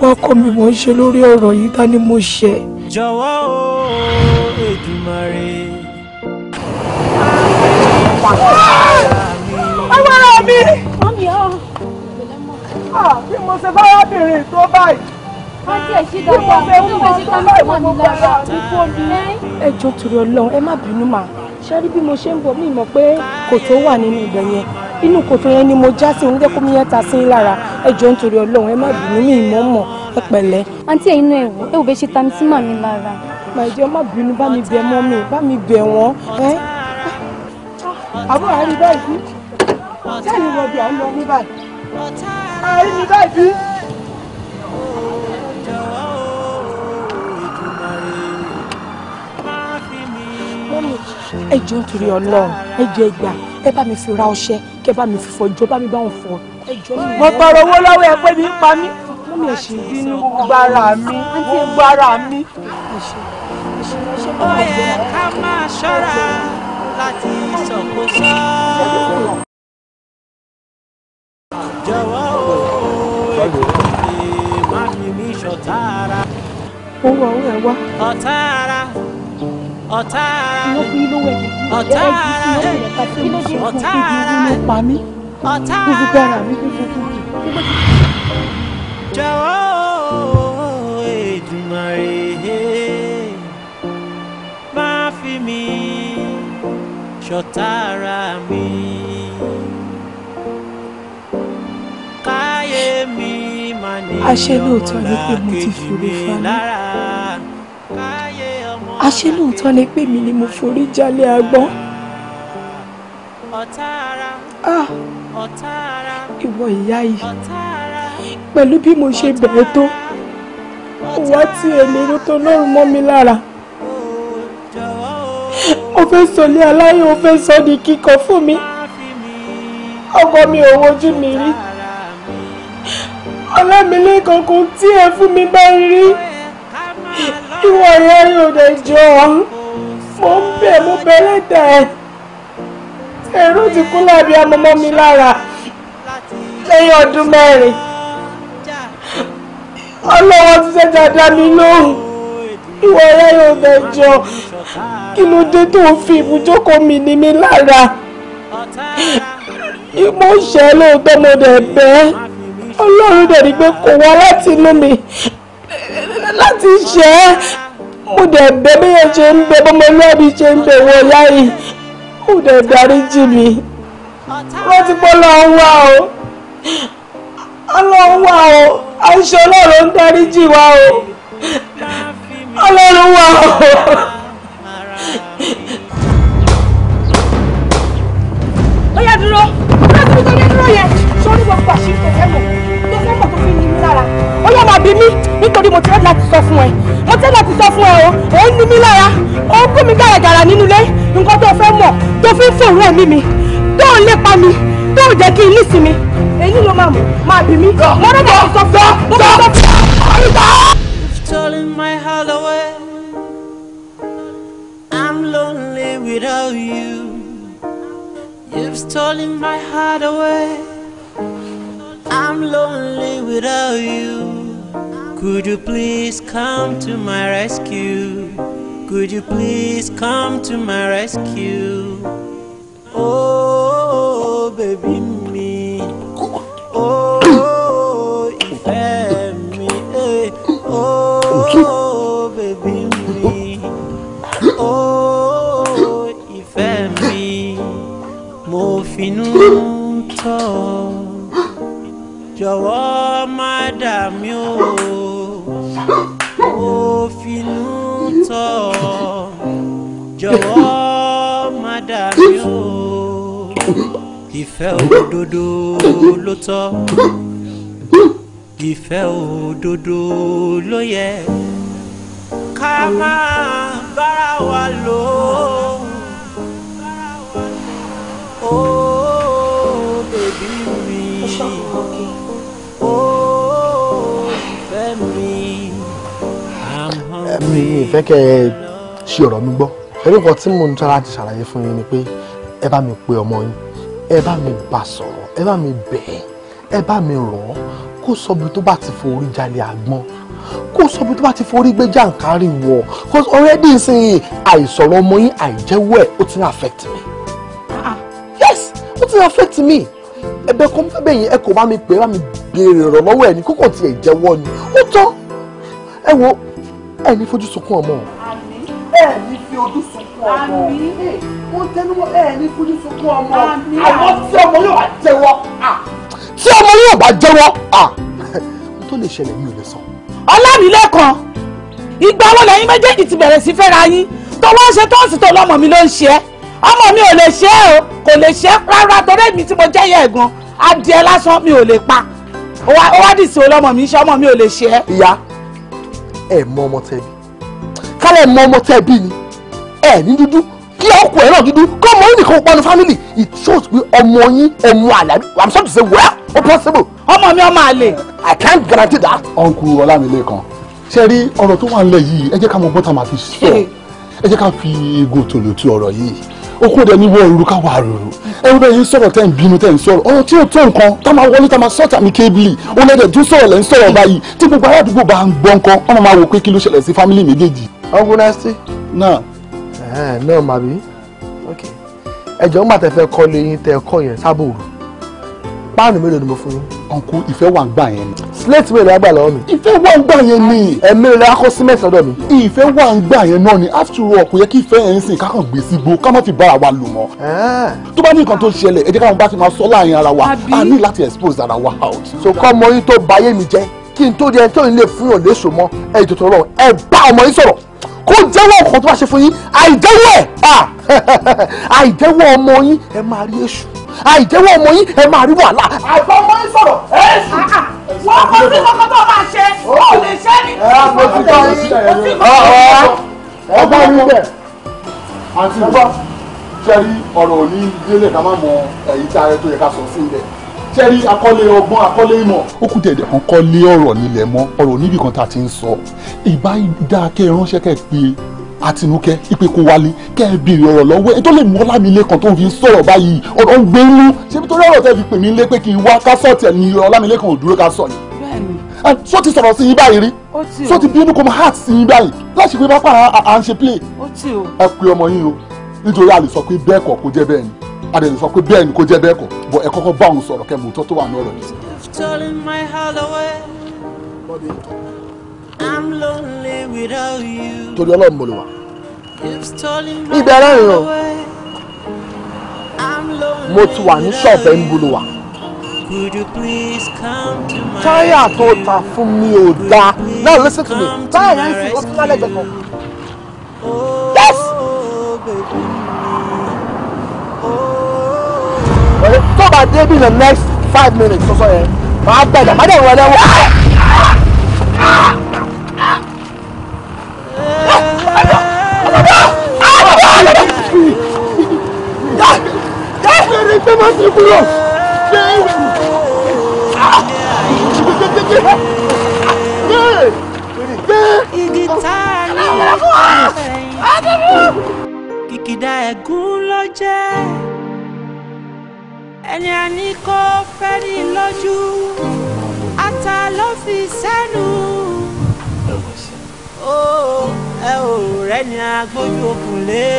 wá kọ́ mi mò ń ṣe lórí ọ̀rọ̀ yìí ta ni mo ṣe. jọ̀wọ́ o Èdùmàrè. agbára mi. bí mo ṣe bárábìnrin tó báyìí. bí mo ṣe mú ọ tó báyìí mo padà ní fóònù. ẹ jọ̀ọ́ torí Ọlọ́run ẹ má bínú mà ṣe rí bí mo ṣe ń bọ̀ mí mọ̀ pé kò tó wà nínú ibẹ̀ yẹn inú kòtò yẹn ni mo já sí òun jẹ́ kó mi yẹn ta sí lára ẹ nítorí ọlọ́run ẹ má bínú mi ìmọ̀ mọ̀ ẹ pẹ̀lẹ́. àǹtí ẹ̀yin náà ẹ̀wọ̀ ẹ̀ ò ṣe ta mi sí màmí lára. màìjẹ́ ọ má bínú bá mi bẹ̀ mọ́ mi bá mi bẹ̀ wọ́n. àbúrò àárí báyìí sẹ́ni wọ bí à lọ ní báyìí àárí mi báyìí. ẹ jọ̀ọ́ nítorí ọlọ́run ẹ jẹ́ gbà ẹ bá mi fi ra ọṣẹ kẹ bá mi fi fọjọ bá mi bá wọn fọ. mo tọrọ owó lọ́wọ́ ẹ pé mi ń pa mí mú mi èsì bínú gbára mi gbára mi. ó yẹ ká máa ṣọ́ra láti ìṣọ̀kóṣọ́. jọ̀wọ́ o èkó lè má mi ní ṣọ̀tá ara. owó ọwọ́ ẹ wá. ọ̀tá ara ọ̀tá ara rẹ̀ ọ̀tá ara rẹ̀ ọ̀tá ara rẹ̀ ọ̀tá mi ṣọ̀tá mi. káyé mi máa ní ọmọ làkejì mi lára àṣé lóòótọ́ ni pé mi ni mo forí jálé agbọ́n. ah ìwọ ìyá yìí pẹ̀lú bí mo ṣe bẹ̀rẹ̀ tó wá tí ènìyàn tó lọ́rùn mọ́ mi lára ó fẹ́ sọ ní aláyọ̀ ó fẹ́ sọ ní kíkọ fún mi ọkọ mi ò wojú mi rí ọlá mi tí ẹ fún mi bá rí kí wọ́n rí ẹ̀yìn òde jọ mo ń bẹ̀ mo bẹ̀ lẹ́dà ẹ̀ èrò ti kú lábí amọmọ mi lára lẹ́yìn ọdún mẹ́rin ọlọ́wọ́ ti ṣẹ̀ṣẹ̀ dá mi lóhùn ìwọ ẹ̀yìn òde jọ kí ló dé tó fi ibùjókòó mi ní mi lára mo ṣẹ́ lóòótọ́ mo dẹ̀ bẹ́ẹ̀ ọlọ́run dẹ̀ ní pé kò wá láti inú mi láti ṣe é mo dẹ̀ bẹ bẹ́yẹn ṣe ń bẹ bọ́mọlúwàbí ṣe ń bẹ wọ láyé mo dẹ̀ dáríjì mi wọ́n ti bọ́ lọ́wọ́ wá o ọlọ́run wà o aṣọ ọlọ́run ń dáríjì wá o ọlọ́run wà o. ó yá dúró láti fi tó yẹ dúró yẹ sórí gbogbo àṣìkò ẹ̀ lára ó yẹ máa bí mí nítorí mo ti rẹ́ láti sọ fún ẹ mo ti rẹ́ láti sọ fún ẹ o ò ń ní mí lára ó kú mi gàràgàrà nínú ilé nǹkan tó fẹ́ mọ̀ tó fi ń fòrú ẹ̀mí mi tó ń lépa mi tó n èyí ló máa bí mí mo rẹ́ láti sọ fún ẹ mo sọ I'm lonely without you. Could you please come to my rescue? Could you please come to my rescue? Oh, baby me. Oh, if ìfẹ́ mi. Oh, baby me. Oh, ìfẹ́ me. Mo finú tọ́. jọ̀wọ́ má dà mí o mo finú tọ̀ jọ̀wọ́ má dà mí o ìfẹ́ òdodo ló tọ́ ìfẹ́ òdodo ló yẹ ká máa bára wa lò ó. mi ìfẹ́ kẹ́ ẹ ṣe ọ̀rọ̀ mi gbọ́ ẹbí kan tí mò ń tọ́ra ti ṣàlàyé fún yín ni pé ẹ bá mi pe ọmọ yín ẹ bá mi bá sọ̀rọ̀ ẹ bá mi bẹ̀ẹ́ ẹ bá mi rọ̀ ọ́ kó sọ bí tó bá ti forí jalè àgbọn kó sọ bí tó bá ti forí gbé jàǹkárì wọ̀ kó already nsìnyí àìsọ̀rọ̀ ọmọ yín àìjẹ́wọ́ ẹ̀ ó ti ń affect me ah, ah. yes ó ti ń affect me ẹ̀bẹ̀ kan fẹ́ bẹ̀yìn ẹ kò bá mi pè é bá mi béèrè ìrànlọ́wọ́ ẹ̀ ní kókò tiẹ̀ jẹ́wọ́ ni ó tán ẹ wo ẹ ní fojú sunkún ọmọ ẹ ní fi ojú sunkún ọmọ ó ń tẹnu ẹ ní fojú sunkún ọmọ àwọn tí ọmọ yóò bá jẹ́wọ́ tí ọmọ yóò bá jẹ́wọ́ tó lè ṣẹlẹ̀ mi ò lè sọ. ọlámilẹ́kan ìgbà wo lẹ́yìn méjèèjì ti bẹ̀rẹ̀ sí fẹ́ra yín tó wá ṣe tọ́ọ̀sì tó lọ́mọ mi ló ń ṣe é ọmọ mi ò lè ṣe é o kò lè ṣe é rárá torí èmi tí mo jẹ́yẹ ẹ̀gan adìẹ lásán mi ò lè pa ó wá dì sí olọ́mọ mi ṣe ọmọ mi ò lè ṣe é. ìyá ẹ mọ ọmọ tẹ bí kálẹ̀ mọ ọmọ tẹ bí ni ẹ ní dúdú kí ọkọ ẹ náà dúdú kọ́ ọmọ yín nìkan panu family it shows pé ọmọ yín ọmọ àlàbí i'm sorry to say well o possible. ọmọ mi ọmọ àlè. i can't guarantee that. ọ̀nkù ọlámilékan ṣe rí ọ̀rọ̀ tó wà ń lẹ̀ yìí ẹ jẹ́ ká mọ bọ́tà máa fi sọ ẹ jẹ́ ká fi egbò tòlótò ọ̀rọ̀ yìí okun dẹ̀ ní wọ́ọ̀rù ká wà rò ẹ̀rù bẹ́ẹ̀ yín sọ̀rọ̀ tẹ́ ń bínú tẹ́ ń sọ̀rọ̀ ọ̀rọ̀ tí ò tó nǹkan tá máa wọlé tá máa sọ̀tà mi kébìlì olóòdẹ̀ tún sọ̀rọ̀ lẹ́ ń sọ̀rọ̀ báyìí tí gbogbo ará àdúgbò bá ń gbọ́ nǹkan wọ́n máa wò pé kí ló ṣẹlẹ̀ sí fámìlì méjèèjì. ọgúnrẹ́sì. náà. náà màbí ẹjọ́ ń gbà tẹ́ fẹ́ uncle ìfẹ́ wà ń gbà yẹn ni. slate mélòó lágbà lọ́wọ́ mi. ìfẹ́ wà ń gbà yẹn ni. ẹ mélòó la kọ́ cement lọ́dọ̀ mi. ìfẹ́ wà ń gbà yẹn náà ni after all kò yẹ kí ìfẹ́ yẹn sìn kákan gbé sí gbó ká má fi bára wa lò mọ́. tó bá ní nǹkan tó ṣẹlẹ̀ ẹ jẹ́ káwọn bá ti máa sọ láàrin ara wa a ní láti expose ara wa out. so kọ́ ọmọ yín tó bayé mi jẹ́ kí n tó di ẹni tó ń lè fún yàn léṣo mọ́ ẹ ìtòtò ọlọ́run ẹ bá ọmọ yín sọ̀rọ̀ kó jẹ́wọ́ ọkàn tó bá ṣe fún yín àìjẹ́wọ́ ẹ̀ ah! àìjẹ́wọ́ ọmọ yín ẹ máa rí èṣù àìjẹ́wọ́ ọmọ yín ẹ máa rí wàhálà. àìfọ́ ọmọ yín sọ̀rọ̀ ẹ sùn. Ah, ah. wọ́n kọ́ sí kankan tó máa ṣe ó lè ṣe ní. ọgbà mi bẹ̀ àǹtí mi jẹ́rí ọ̀rọ̀ òní délé ká má mọ ẹ̀yìn tí ààrẹ tó yẹ ká sọ sí ilẹ̀ jẹ́rí akọ́lé ọgbọ́n akọ́lé ìmọ̀. ó kù dẹ̀dẹ̀ kan kọ́ lé ọ̀rọ̀ nílẹ̀ mọ́ ọ̀rọ̀ níbì kan tá a ti ń sọ ìbá dáa kẹ́ ẹ ránṣẹ́ kẹ́ ẹ pé àtinúkẹ́ ìpè kò wálé kẹ́ ẹ béèrè ọ̀rọ̀ lọ́wọ́ ẹ tó lè mú ọlámilékan tó fi sọ̀rọ̀ báyìí ọ̀rọ̀ ń gbé inú ṣé nítorí ọ̀rọ̀ tẹ́ fi pè mí lé pé kí n wá ká sọ̀tẹ̀ ni ọlámilékan ò dúró ká sọ̀ ni. sọ ti sọ̀rọ̀ sí yín báyìí rí sọ ti bínú kò mọ heart sí yín báyìí láti pé pápá à ń ṣe play. ẹ pe ọmọ yín o nítorí a lè sọ pé bẹ́ẹ̀ kọ́ kó jẹ́ bẹ́ẹ̀ ni a lè sọ pé bẹ́ẹ̀ ni kó jẹ́ bẹ́ẹ̀ kọ́ bọ̀ ẹ kọ́kọ́ bá òun sọ̀rọ̀ kẹ́ mọ̀ òótọ́ tó wà ní ọ̀rọ̀ yìí torí ọlọ́run mo lè wà ibẹ̀ ẹlẹ́rìn o mo ti wà ní ṣọ́ọ̀bù ẹ̀ ń bolo wà táyà tó ta fún mi ò dáa now listen to me táyà yẹn sì ó tún lálẹ́ gbẹ̀kan yes. tó bá dé bí the next five minutes tó sọ yẹn màá bẹ̀rẹ̀ má dẹ̀ wọlé wọ́n. ẹ má sì kúrò ṣé ìwé ìdí tá a ní kìkìdá ẹ̀gún ló jẹ́ ẹni àní kò fẹ́ ní lójú ata ló fi sẹ́nu ẹ ò rẹ́ni agbójú òkùnlé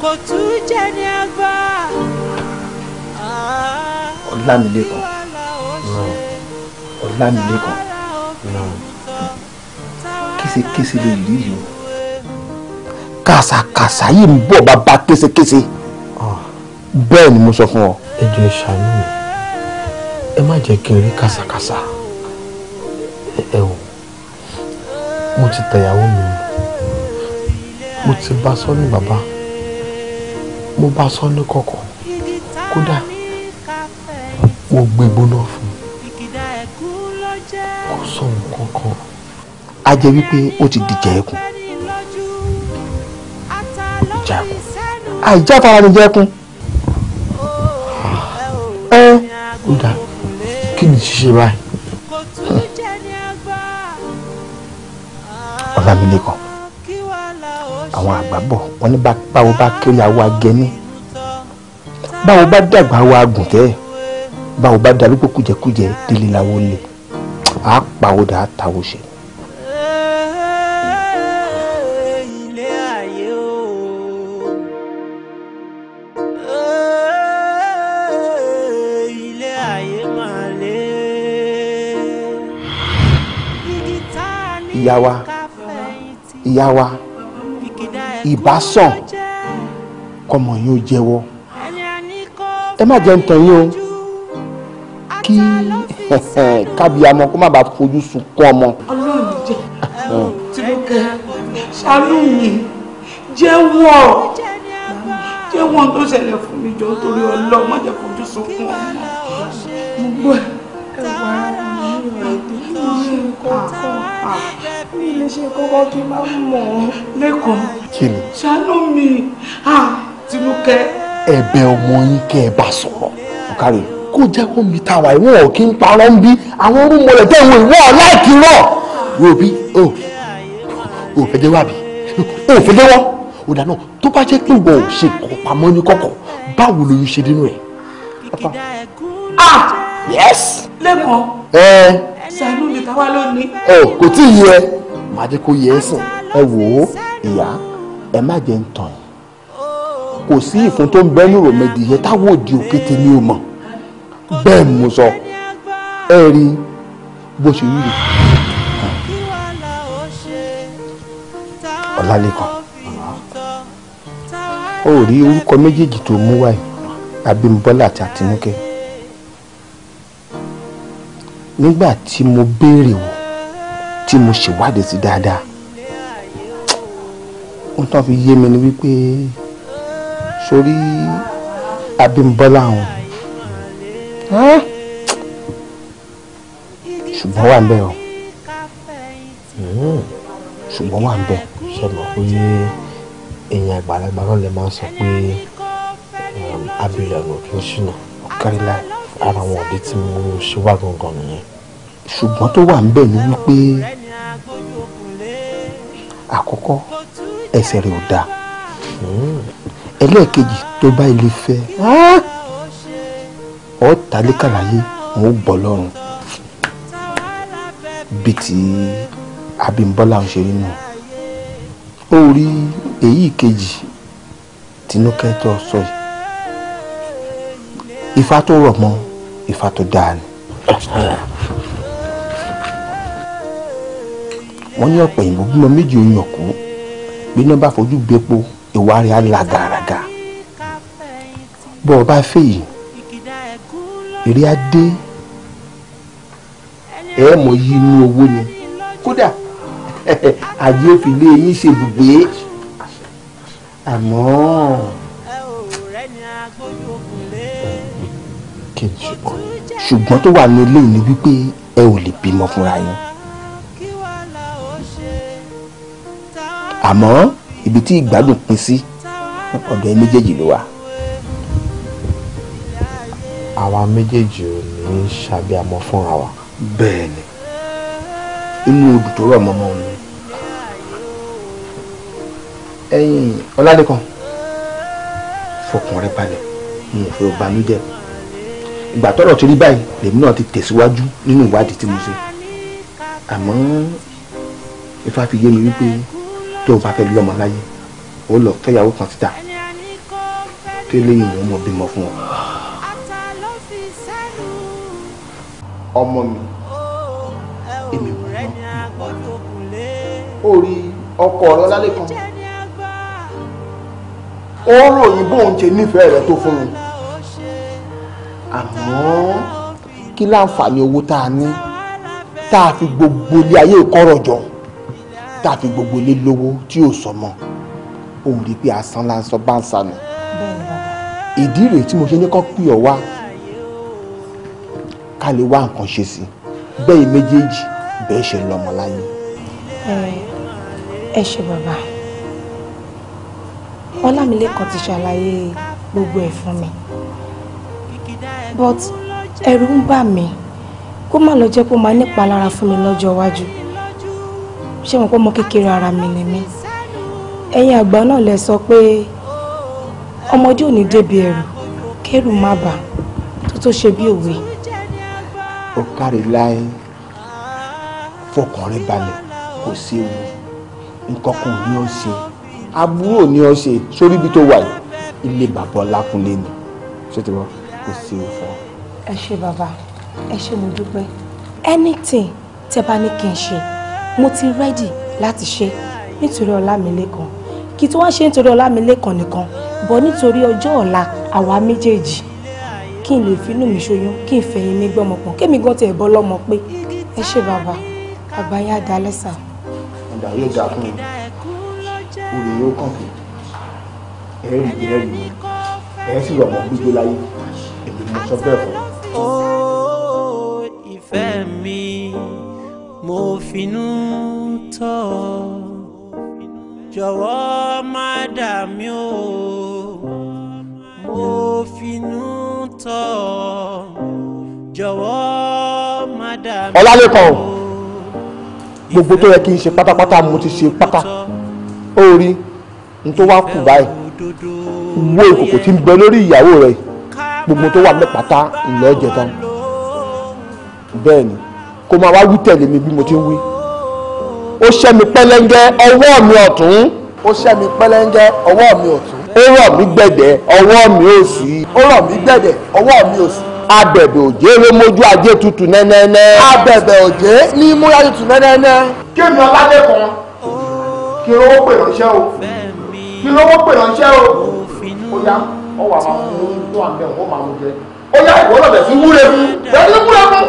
kò tún jẹ́ ní agbá ọlámilékan ọlámilékan késekése lè rí yìí o kàsàkàsà yìí ń bọ̀ bàbá késekése bẹ́ẹ̀ ni mo sọ fún ọ. ẹ jọ̀ọ́ ṣàánú mi ẹ má jẹ́ kí n rí kàsàkàsà ẹ o mo ti tẹ̀yàwó mi mo ti bá sọ ní bàbá mo bá sọ ní kọ̀kọ̀ kódà ó gbé gbóná fún un kò sọ nǹkan kan á jẹ́ wípé ó ti dìjà ẹkùn ìjà ẹkùn àìjá fara ni jẹ́kùn ẹ ó dà kí ni ṣíṣe báyìí ọ̀la mi lẹ́kọ̀ọ́ àwọn àgbà bọ̀ wọ́n ní báwo bá kéwìyàwó agẹni báwo bá dàgbà wo agùntẹ́ ẹ̀ báwo bá darúgbó kújẹkújẹ délé làwọn olè á pàwọ́dà á tàwọ́ ṣe. ìyá wa ìyá kọmọ yín ó jẹ́wọ́ ẹ má jẹ́ ń yín o kí kábíyàmọ kó má bàa fojú sunkún ọmọ. ọlọ́run jẹ́ tí mo kẹ́ ṣàánú mi jẹ́wọ́ jẹ́wọ́ tó ṣẹlẹ̀ fún mi jọ torí ọlọ́run má jẹ́ fojú sunkún ọmọ mo gbọ́ ẹ̀wà mi lè ṣe kọ́kọ́ kí n má mọ̀ ọ́ lẹ́kọ̀ọ́ ṣàánú mi ah, Tinúkẹ́ ẹ̀bẹ̀ ọmọ yín kẹ́ ẹ bá sọ̀rọ̀ ọ̀kárẹ̀ kó jẹ́ kó mi ta wà ìwọ̀n kí n parọ́ ń bí àwọn orúmọlẹ̀ tẹ̀ wọ ìwọ̀n láìkí rọ̀ wò bí o ò fẹ́ déwà bí o ò fẹ́ déwọ́ ò dáná tó bá jẹ́ pé wọ́n ò ṣe kọ́ pamọ́ ní kọ̀kọ̀ báwo lóyún ṣe dínú ẹ̀. ah yes. lẹ́kọ̀ọ́ ṣàánú mi táwa lónìí. ẹ kò tí ì yẹ màá jẹ́ kó yẹ ẹ sìn ẹ wò ó ìyá ẹ má jẹ́ ń tàn yín kò sí ìfún tó ń bẹ́ nírò mẹ́dìyẹ táwọn òdì òkété ni ó mọ̀ bẹ́ẹ̀ mo sọ ẹ rí bó ṣe rí rè ọ̀làlẹ́kan ó rí orúkọ méjèèjì tó mú wáyé Abímbọ́lá àti Àtinúkẹ́ nígbà tí mo béèrè wò tí mo ṣèwádìí sí dáadáa ohun tó fi yé mi ni wípé sórí Abímbọ́lá àwọn ṣùgbọ́n wà ń bẹ̀ o hmm. ṣùgbọ́n wà ń bẹ̀ ṣe mọ̀ pé èèyàn àgbàlagbà náà lè máa ń sọ pé um, abiyanu tó ṣìnà ọ̀kárìlá ara wọn òde tí mo ṣe wá gangan nìyẹn ṣùgbọ́n tó wà ń bẹ̀ ni wípé àkọ́kọ́ ẹsẹ̀ rẹ̀ ò dáa hmm. ẹlẹ́ẹ̀kejì tó bá ilé fẹ́ ọ́ tálíkà láyé òun ó bọ̀ lọ́rùn bíi ti Abímbọ́lá ń ṣe rí nù ó rí èyí kejì tinúkẹ́ tó sọ yìí ifá tó rọ̀ mọ́ ifá tó dáa ni wọ́n ní ọ̀pọ̀ òyìnbó bímọ méjì oyin ọ̀kú bí iná bá fojú gbépo ìwà rẹ̀ á la gàràgà bá fẹ́ yìí èrè adé ẹ mọ̀ yí inú owó ni kódà àyè òfìlé yín ṣèbùgbé àmọ́ kejì ọ ṣùgbọ́n tó wà ní ilé ni wípé ẹ ò lè bímọ fúnra yín àmọ́ ibi tí ìgbádùn pín sí ọ̀dọ̀ ẹ méjèèjì ló wà àwa méjèèjì ò ní ṣàbíamọ fúnra wa. bẹ́ẹ̀ ni inú odò tó rọ̀ mọ́mọ́ ni ẹ̀yin ọládẹ́kan fọkàn rẹ balẹ̀ mo ò fẹ́ banújẹ́ ìgbà tọ́rọ̀ ti rí báyìí lèmi náà ti tẹ̀síwájú nínú ìwádìí tí mo ṣe àmọ́ ifá fi yé mi wípé tó o bá fẹ́ lọ́mọ láyé ó lọ fẹ́yàwó kan síta tó lè yìn wọ́n bímọ fún ọ. ọmọ mi èmi wò lọ ó rí ọkọ rẹ ọlálẹ́kan ó ròyìn bóun ṣe nífẹ̀ẹ́ rẹ tó fún mi àmọ́ kí láǹfààní owó tá a ní tá a fi gbogbo ilé ayé ìkọ́rọ̀ jọ tá a fi gbogbo ilé lówó tí ò sọmọ òun rí i pé asán lásán bá ń sanù ìdí rèé tí mo ṣe ní kọ́ pè ọ́ wá ká lè wá nǹkan ṣe sí bẹ́ẹ̀ méjèèjì bẹ́ẹ̀ ṣe lọ́mọ láyé. ẹ ṣe bàbá ọlámilékan ti ṣàlàyé gbogbo ẹ̀ fún mi but ẹ̀rù ń bà mí kó má lọ jẹ́ kó máa nípalára fún mi lọ́jọ́ iwájú ṣé wọn kó mọ kékeré ara mi ni mí ẹ̀yin àgbà náà lẹ sọ pé ọmọdé ò ní débi ẹ̀rù kẹ́rù má bà tó tó ṣe bí òwe ó kárí láyé fọkàn rẹ balẹ̀ kò séwu nǹkan kan ní ọ ṣe àbúrò ní ọ ṣe sórí ibi tó wà yìí ilé bàbá ọlákúnlé ni ṣé ti wọ́n kò séwu fún ọ. ẹ ṣe bàbá ẹ ṣe mo dúpẹ́ anything tẹ bá ní kí n ṣe mo ti rẹ́dì láti ṣe nítorí ọlámilékan kí tí wọ́n ṣe nítorí ọlámilékan nìkan bọ̀ nítorí ọjọ́ ọ̀la àwa méjèèjì kí n lè finú mi ṣoyún kí n fẹ̀yìn mi gbọ́mọ pọ̀n kémi gan tiẹ̀ bọ́ lọ́mọ pé ẹ ṣe bàbá bàbá yá da lẹ́sà. ọ̀dà yóò dáa fún mi olè yóò kàn fún ẹ rí ẹ rí ẹ sì rọ̀ mọ́ gbígbé láyé èmi mo sọ bẹ́ẹ̀ fún. ó oh, ìfẹ́ mi mo finú tọ́ jọ̀wọ́ má dà mí o mo finú tọ́ jọ̀wọ́ má dà mí. ọlálẹ́kàn gbogbo tó yẹ kí n ṣe pátápátá mo ti ṣe pátá ó rí n tó wá kù báyìí wo ìkòkò tí ń bẹ lórí ìyàwó rẹ gbogbo tó wà mẹ́pàtá ìlọ́ ìjẹta bẹ́ẹ̀ ni kó máa wá wí tẹ̀lé mi bí mo ti ń wí ó ṣẹ́ mi pẹ́lẹ́ńgẹ́ ọwọ́ mi ọ̀tún ó ṣẹ́ mi pẹ́lẹ́ńgẹ́ ọwọ́ mi ọ̀tún ó rọ̀ mí gbẹ̀dẹ̀ ọwọ́ mi ò sí. ó rọ̀ mí gbẹ̀dẹ̀ ọwọ́ mi ò sí. abẹ̀bẹ̀ òjé ló mójú ajé tutù nẹ́nẹ́nẹ́. abẹ̀bẹ̀ òjé ní múra tutù nẹ́nẹ́nẹ́. kémi ọládẹ́kan kí lówó pè ránṣẹ́ o kí lówó pè ránṣẹ́ o ó yá ọwọ́ àwọn ọmọ tó wà ń bẹ̀ wọ́n máa mú jẹ ó yá ìwọ́n lọ́bẹ̀ sí wúre fún bẹ́ẹ̀ ní wúre fún.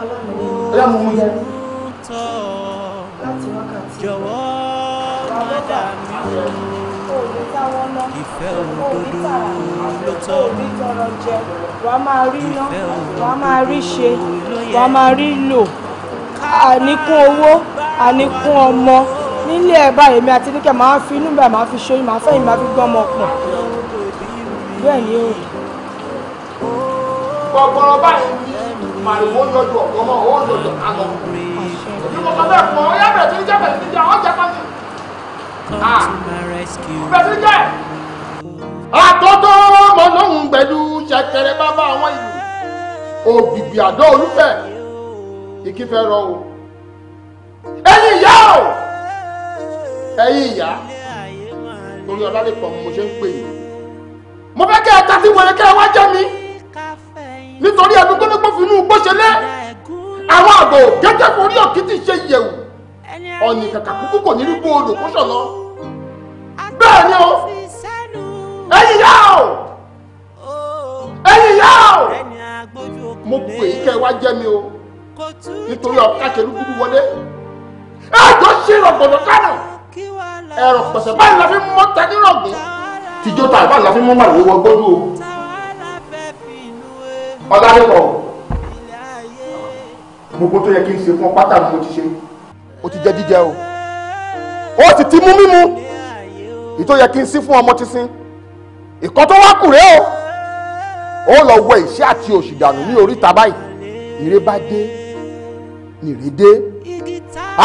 ọlọ́run tó rí tọrọ jẹ wà á máa rí ná wà á máa rí ṣe wà á máa rí lò àníkún owó àníkún ọmọ nílé ẹ̀ báyìí mi àti níkẹ́ máa fi inú bẹ́ẹ̀ máa fi ṣe máa fẹ́yìn máa fi gbọ́mọ pọ̀ bẹ́ẹ̀ ni o. gbọ̀gbọ̀rọ̀ báyìí màrìwò yọjú ọ̀gbọ́mọ ó yọjú àgọ́ ìwọ̀n kan bẹ́ẹ̀ pọ̀ ó yá bẹ̀rẹ̀ tó ń jẹ́ bẹ̀rẹ̀ tó ń jẹ́ ọ̀ bẹ̀rẹ̀ tó ń jẹ́ òbìbì àdó olúfẹ̀ ìkífẹ́ rọ o ẹ̀yin ìyá o ẹ̀yin ìyá torí ọlálẹ́pọ̀ mo ṣe ń pè yìí mo fẹ́ kẹ́ ẹ tasí wọlé kẹ́ ẹ wá jẹ́ mi nítorí ẹdun tó ní kó finú gbóṣelé àwọn àgbò gẹ́gẹ́ forí òkìtì ṣe yẹ̀wù ọ̀nì kàkà kúkú kò ní rí bó odò kó ṣọ̀nà bẹ́ẹ̀ ni o. mo pè é kẹ́ ẹ wá jẹ́ mi o nítorí ọ̀ká kẹlú gúdú wọlé ẹjọ́ ṣe rọ̀gbọ̀dọ̀ kánà ẹ̀rọ pẹ̀sẹ̀ báyìí la fi mọ́ tẹ́nírọ̀gbìn tìjó ta ìbáyìí la fi mọ́ màlúwọ́ wọgbọ́dú o ọ̀làdẹ́kọ̀ gbogbo tó yẹ kí n ṣe fún pátá ni mo ti ṣe o ti jẹ jíjẹ o ó sì ti mú mímu ìtó yẹ kí n sí fún ọmọ ti sin ìkọ́ tó wá kù o ó lọ wọ ìṣẹ́ àti òṣì dànù ní oríta báyìí ire bá dé ire dé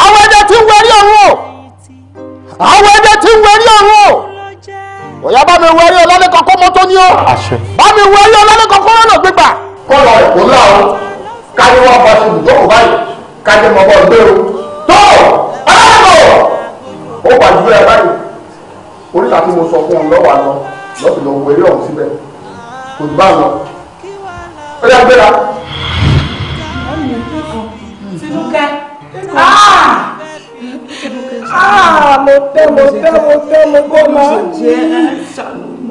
àwọn ẹdẹ tí ń wẹrí ọ̀run o àwọn ẹdẹ tí ń wẹrí ọ̀run o ọ̀yá bá mi wẹrí ọlọ́lẹ́ kọ́kọ́ mọ́tò ní o bá mi wẹrí ọlọ́lẹ́ kọ́kọ́ rọ̀nà gbígbà. kó lọ kó lọ o káyé wọn bá ti dùn lóko báyìí káyé mọ bọ gbé o tó ọlọ́dọ̀ ó wà ju ẹ báyìí oríta tí mo sọ fún un lọ́wọ́ àná lọ́sùn lọ́wọ́ eré ọ̀hún síbẹ̀ kò bá lọ ó yà gbéra. Tinúkẹ́ ah! ah, mo fẹ́ mo fẹ́ mo fẹ́ mo fẹ́ mo jẹ́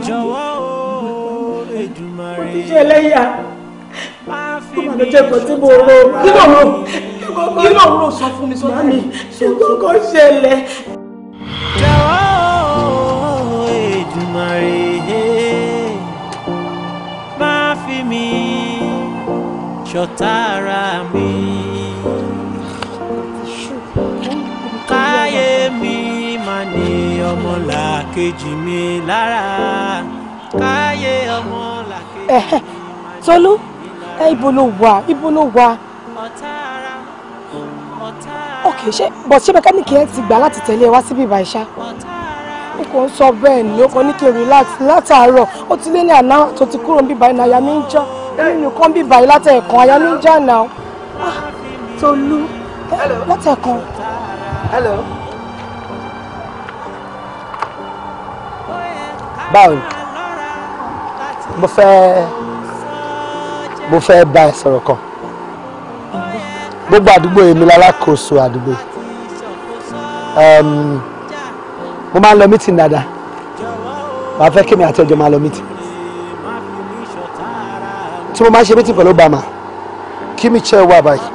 jọ̀wọ́ Èdùmàrè. mo ti ṣe mo kó má mo jẹ́ nǹkan tí mo rò kí ló rò kí ló rò sọ fún mi sọ fún mi ṣé kókó ṣẹlẹ̀. jọ̀wọ́ Èdùmàrè. chọtara mi káyé mi máa ní keji mi lára káyé ọmọlàkejì mi. Tolú ẹ ibo ló wà ṣé ṣé mẹkáníìkì yẹn ti gbà láti tẹ̀lé ẹ wá síbí ìbá ìṣá ó sọ bẹ́ẹ̀ ni ó kàn ní ti lé ní àná tó kúrò ń bíbá mi ń jọ́. nìkan bí báyìí látẹ̀ẹ̀kan àyà mi ń jà náà ah, Tolú látẹ̀ẹ̀kan. báwo mo fẹ́ mo fẹ́ bá ẹ sọ̀rọ̀ kan gbogbo àdúgbò yìí mi lálákòóso àdúgbò mo máa ń lọ mítìn dáadáa màá fẹ́ kí mi àti ọjọ́ máa lọ mítìn tí mo máa ń ṣe meeting pẹ̀lú Obama kí mi chair wà báyìí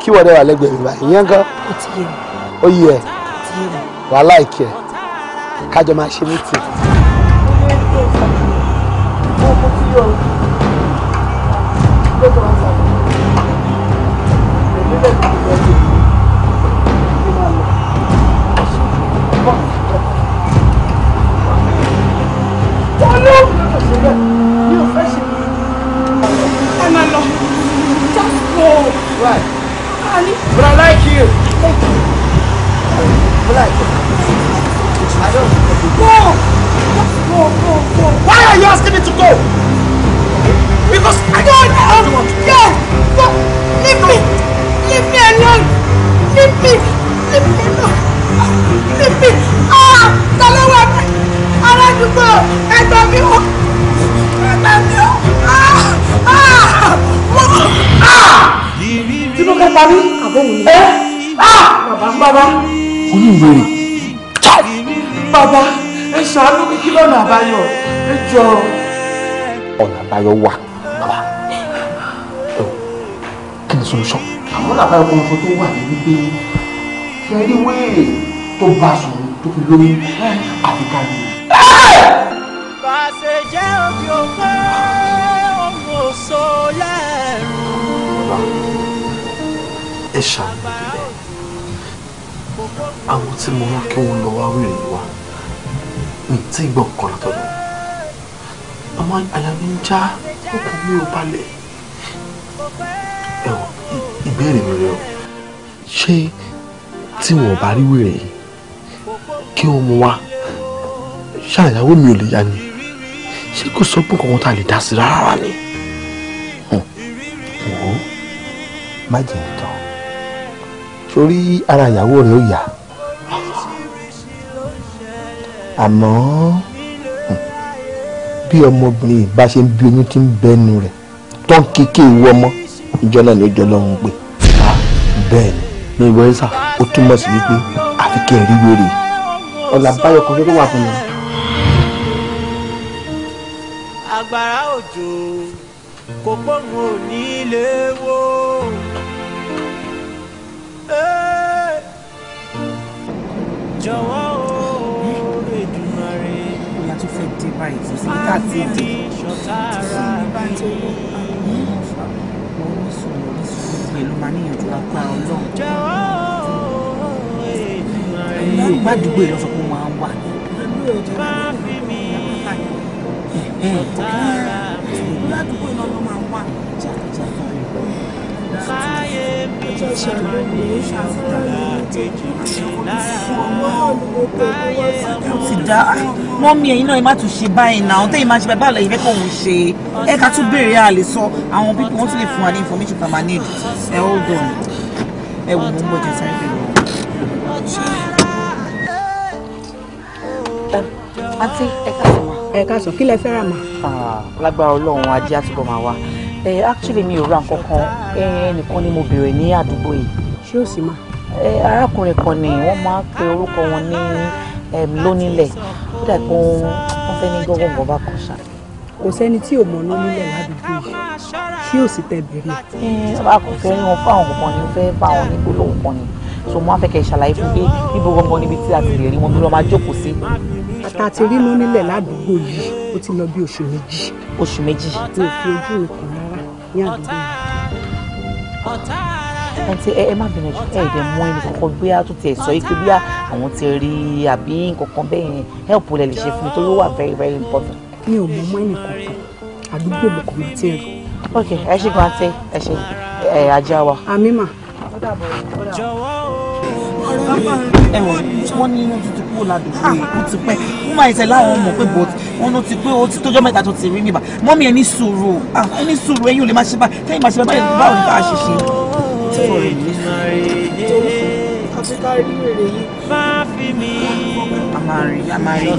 kí wọ́n dẹ̀ wà lẹ́gbẹ̀ẹ́ mi báyìí ìyẹn gan. ó ti wàhálà ìkẹ́ kájọ máa ṣe meeting. right. But I like you. Thank you. I like you. I don't. Go! Go, go, go. Why are you asking me to go? Because I don't want to. Yes! Go! Leave me! Leave me alone! Leave me! Leave me alone! Leave me! Ah! Tell Ta ló wà mí! Aládùúgbò! I love you. I love you. Ah! Ah! tí ló fẹ́ parí àbọ̀wò ni. bàbá bàbá. ó ní ìwé rẹ̀. bàbá ẹ ṣàánú kí lọ́nà àbáyọ ẹ jọ. ọ̀nà àbáyọ wà bàbá kí ni solution. àwọn ọ̀nà àbáyọ kan tó wà ní wípé ṣe rí wéèrè tó bá sùn tó fi lóyún àfi ká ní. bàṣẹ jẹ́ òbí òfé òun bàbá ẹ ṣàánú bílẹ̀ àwọn tí mo rán kí wọ́n lọ wá wèrè wa mi tí ì gbọ́ nǹkan látọ̀dọ̀ àmọ́ àyà mi ń já ọkàn mi ò balẹ̀ ẹ̀wọ̀n ìbéèrè mi rẹ o ṣé tí wọn bá rí wèrè yìí kí wọn mú wa ṣáà ìyàwó mi ò lè yá ni ṣé kò sọ pé kankan tá a lè dá sí rárá ni. má jẹ́ ìtàn sórí ara ìyàwó rẹ̀ ó yá àmọ́ hmm, bí ọmọbìnrin bá ṣe ń bí oyún tí ń bẹ́nu rẹ̀ tó ń kéèké ìwú ọmọ ìjọ náà ló jọ lọ́hùn pé ah, bẹ́ẹ̀ ni ní ìwé ẹ̀sà ó túmọ̀ sí wípé àfi rí wèrè ọ̀là báyọ̀ kan tó wà fún mi. agbára òjò kò gbóhùn òní lè wò jọ̀wọ́ oore Èdùmàrè. ìyá tó fẹ́ dé báyìí tó sì ká sí ìdí ṣọ̀tá ara mi. mo ní sọ̀rọ̀ gbàdúgbò yìí lọ́sọ̀ pé wà. bá fi mi ṣọ̀tá ara mi káyé mi máa ní àbúrò kejì lára káyé ọmọ rẹ. mọ́mí ẹ̀yin náà ẹ má tún ṣe báyìí náà àwọn tẹ́yìn máa ṣe báyìí báwo lẹ́yìn fẹ́ kó òun ṣe ẹ ká tún béèrè àlè sọ àwọn pípọ̀ wọ́n tún lè fún wa ní information tá a máa need ẹ hold on ẹ wò ó ń bọ̀ jẹ sáré bẹ̀rẹ̀ àǹtí ẹ̀ka sọ kí lẹ fẹ́ mà. Ah, lágbára ọlọ́run ajé àtúbọ̀ máa wá ẹ actually mi ò ra nǹkan kan ẹnìkan ni mo béèrè ní àdúgbò yìí. ṣé o sì máa. ẹ arákùnrin kan ni wọ́n máa ń pe orúkọ wọn ní lónílẹ̀ ó dà pé wọ́n fẹ́ ní gbọ́gbọ́ngbọ́ bá kan ṣá. kò sẹ́ni tí ò mọ̀ lónílẹ̀ ládùúgbò yìí ṣé o sì tẹ bẹ̀rẹ̀. ẹ a kò fẹ́ rí wọn fún àwọn kan ni mo fẹ́ bá wọn ní gbólóhùn kan ni so mo á fẹ́ kẹ́ ṣàlàyé fún pé níbo gbọ́ngbọ́n níbi tí a ti lè rí wọn bí máa jókòó sí. àtàtì rínú nílẹ̀ ládùúgbò yìí ó ti lọ bí oṣù méjì. oṣù méjì. mi ò fi ojú mi kàn ní àdúgbò ẹ má bínú jù ẹ ìdẹ mú ẹnì kankan bóyá tó tiẹ̀ sọ pé bóyá àwọn ti rí àbí nǹkankan bẹ́ẹ̀ yẹn help lẹ lè ṣe fún mi tó wà very very important. mi ò mọ mọ ẹnì kankan àdúgbò mo kàn máa ti rí. ok ẹ ṣe kan àǹtí ẹ ṣe ajá wa. àmì mà. ẹ wọ wọ́n ní iná tuntun kúrò ládùúgbò yìí ó ti pẹ́ wọ́n máa ṣe láwọn ọmọ pé bọ́t wọ́n ti pé ó ti tójọ́ mẹ́ta tó ti rí mi bà mọ́mí ẹni sùúrù ẹni sùúrù ẹ̀yin ò lè máa ṣe báyìí tẹ́yìn máa ṣe báyìí báwo ni bá a ṣe ṣe. àmàrin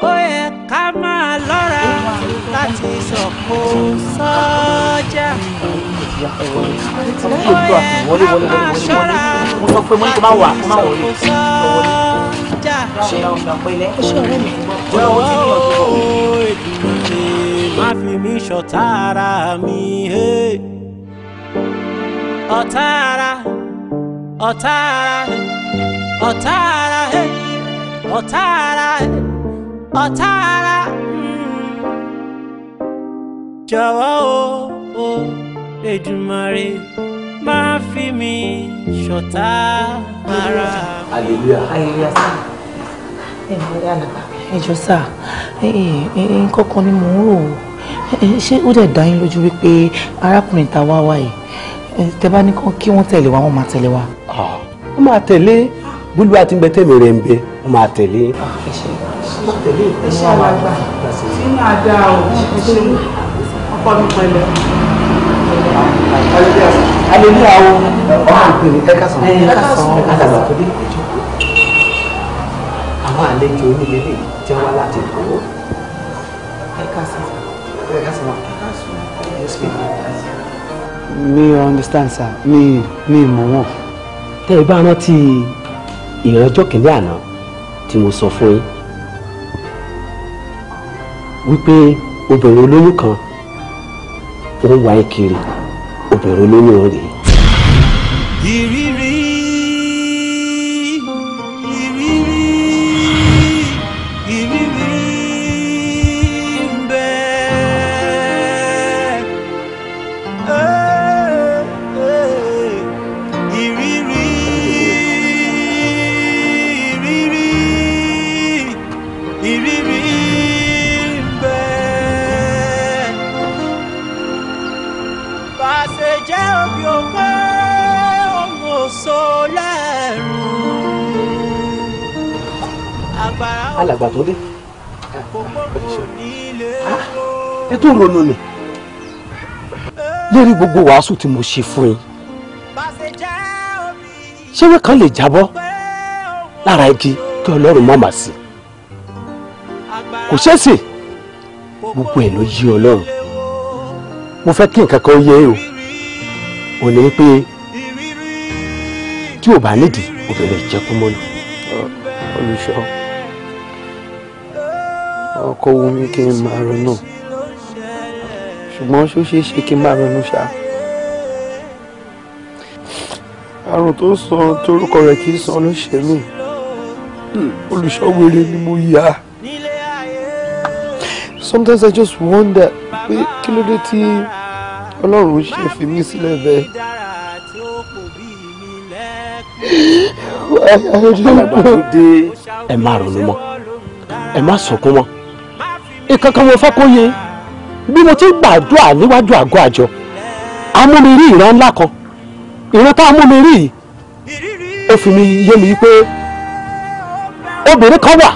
ó yẹ ká máa lọ́ra láti sọ̀kò sọ́jà Oye, yẹ ká máa ṣọ́ra láti sọ̀kò sọ́jà jọ̀wọ́ èdùnúnlẹ̀ má fi mí ṣọ̀tá ara mi ọ̀tá ara ọ̀tá ara ọ̀tá ara ọ̀tá ara ọ̀tá ara hmm. jọ̀wọ́ o o Èdùmàrè máa fi mi ṣọ̀tá ara. hallelujah hallelujah sir. ẹ mọ ẹ alàgbà ẹ jọ sá nǹkan kan ni mò ń rò ó ṣé ó dẹ̀ dá yín lójú wípé arákùnrin ta wá wá yìí tẹ bá ní kí wọ́n tẹ̀lé wa wọ́n máa tẹ̀lé wa. Ah, wọ́n máa tẹ̀lé búlúwa ti ń bẹ tẹ̀mí rẹ̀ ń bẹ wọ́n máa tẹ̀lé. Ah, ẹ ṣe é máa àwọn àlejò onílé lè láti kó mi understand sir mi mi mọ̀ wọ́n. tẹ́ ẹ bá rántí ìrànjọ́ kìnìún àná tí mo sọ fún yín wípé obìnrin olóyún kan ó ń wá ẹ kiri obìnrin olóyún rèé. tó ronú ni lérí gbogbo wàásù tí mo ṣe fún yín ṣéwé kan lè jábọ́ lára igi kí ọlọ́run má má sí kò ṣeéṣe gbogbo ẹ̀ ló yí ọlọ́run mo fẹ́ kí nǹkan kan yé o ò ní pé tí ò bá nídìí obìnrin ìjẹkú mọ́nà. olùṣọ́ ọkọ wumi kí n máa ronú ṣùgbọ́n ṣó ṣeé ṣe kí n má ronú ṣá. àrùn tó ń torúkọ rẹ̀ kì í sọ ló ṣe mí hmm, olùṣọ́wéré ni mo yá. sometimes I just wonder pé kí ló dé tí ọlọ́run ṣe fi mí sílẹ̀ bẹ́ẹ̀. àgbàlagbà tó dé ẹ má ronú mọ́ ẹ má sọkún mọ́ ìkankan mo fẹ́ kó yẹ. bí mo ti ń gbàdúrà níwájú àgọ́ àjọ amúmirí ìran ńlá kan ìran tá amúmirí yìí ó fi mi yé mi pé obìnrin kan wà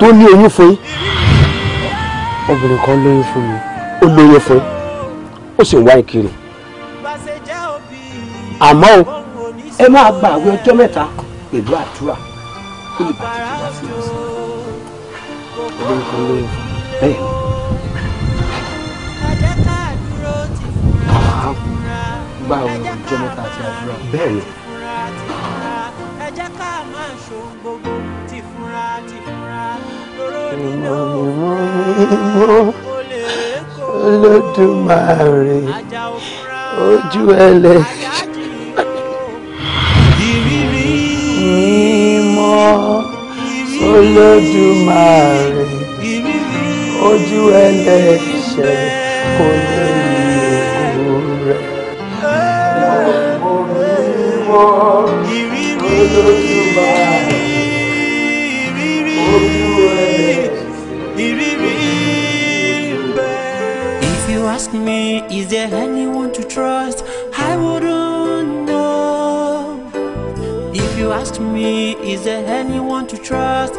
tó ní oyún fún yín obìnrin kan lóyún fún mi ó lóyún fún ó sì àmọ́ o ẹ máa gba ọjọ́ mẹ́ta pẹ̀lú àdúrà kó lè gba ọ̀rọ̀ ìjọ mẹ́ta àti àdúrà. bẹ́ẹ̀ni. ẹ jẹ́ ká máa ṣòun gbogbo ti fúnra ti fúnra lóró nínú olè kó olódùmarè ojú ẹlẹ́ṣẹ̀. ìrírí mímọ́ olódùmarè ojú ẹlẹ́ṣẹ̀ kò lè. If you ask me, is there anyone to trust? I wouldn't know. If you ask me, is there anyone to trust?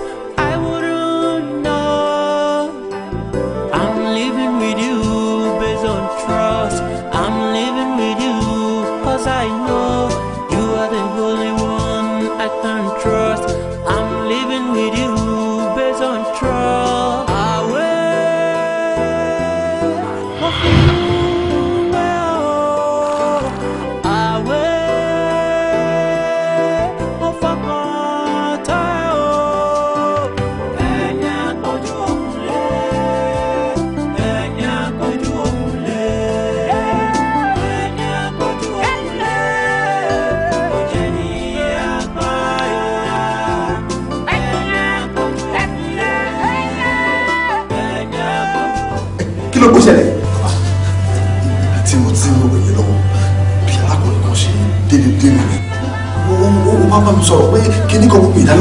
kíní kan pè dá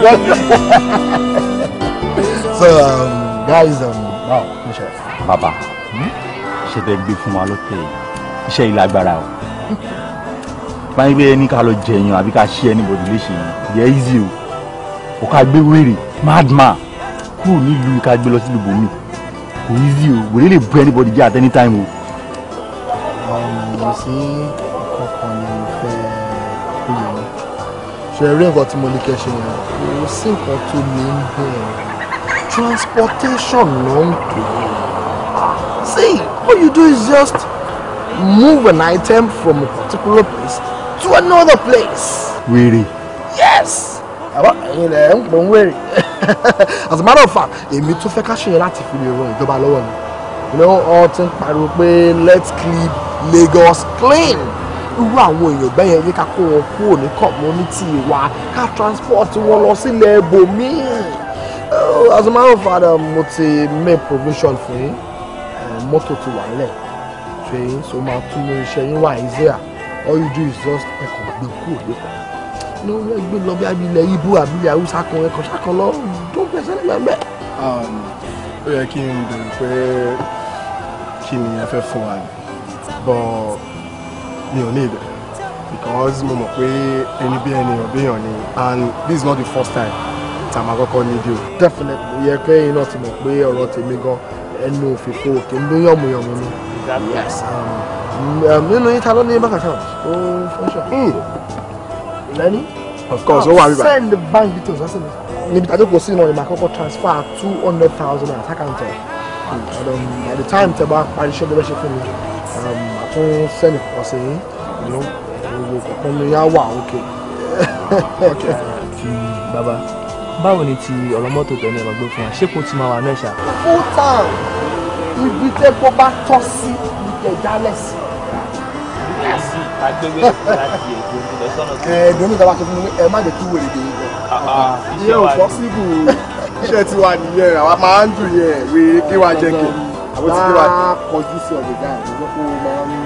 so um, that is um, wow Michelle, Baba, she tẹ gbé from wa lókè iṣẹ́ ilé agbára o báyìí pé ẹni ká lọ jẹyàn àbí ká ṣí ẹni bòdì léṣe yẹn yẹ easy o be ká madman. Who need kúrò nílùú can be lost in the bòmí Who easy o wèrè lè bu anybody jẹ́ at any time o. Um, you see, ṣe rí nǹkan tí mo ní kẹ́ ṣe yẹn kò sí nǹkan tó ní ń bẹ̀ transportation ló ń pè é see all you do is just move an item from a particular place to another place. wèrè. yes àbá ẹ̀yin lẹ̀ ń pè ń wèrè as a matter of fact èmi tún fẹ́ ká ṣe yẹn láti fi lè ran ìjọba lọ́wọ́ ni you know all ti ń pariwo pé let's keep Lagos clean irú àwọn èèyàn bẹ́ẹ̀ yẹn ká kó wọn kúrò ní community wa ká transport wọn lọ sílẹ̀ ibòmíì oh, as a matter of fact um, mo ti make provision fún yín um, mọ́tò ti wà lẹ̀ ṣe yín so máa tún mú iṣẹ́ yín wá isaiah all you do is just ẹ̀kọ́ gbé kúrò nípa ní wọ́n gbé lọ bí abilẹ̀ ibo abilẹ̀ haúsá kan ẹ̀kọ́ sákan lọ tó pèsè nígbàgbẹ́. ó yẹ kí n bèrè pé kí ni ẹ fẹ́ fún wa bọ́ọ̀ mi ò ní ibẹ̀ because mo mọ̀ pé ẹni bí ènìyàn béèyàn ni and this is not the first time tá a máa kọ́kọ́ ní bí o. definitely yẹ pé ẹ̀yin náà ti mọ̀ pé ọ̀rọ̀ tèmi gan ẹnu òfìfo kì í lóyún ọ̀mùyọ̀mù ni. yes um, um, nínú yín ta ló ní bank account ó fọ́nṣọ̀. Hmm. lẹ́ni of course ó wà bíbá. send bank details lọ́sẹ̀ mi. níbi tàbí kò sí iná ni màá kọ́kọ́ transfer two hundred thousand naira sákàǹtẹ̀ hmm. um, by the time tẹ bá parí ṣé bí wọ́n ṣe fún mi tún sẹ́nì kan sí yín gbogbo kọ̀ọ̀kan ni á wà òkè. bàbá báwo ni ti ọ̀rọ̀ tẹ̀lé ẹ̀rọ gbé fún wa ṣé kò ti máa wà náà ṣá. full time ibi tẹ́ kó bá tọ́ sí ìtẹ̀ jálẹ̀ sí. Eh, ẹ̀ẹ́dùn mi dábàá tó fún ẹ má jẹ́ kí wèrè dé ah, ah, ah, ibẹ̀. iye ò pọ́sibù iṣẹ́ tiwa nìyẹn àwa máa ń dùn yẹn wèrè kí wàá jẹ́ kí. àbótí kí wàá kọjú sí ọ̀gẹ̀dá ìgbẹ́ kó máa ń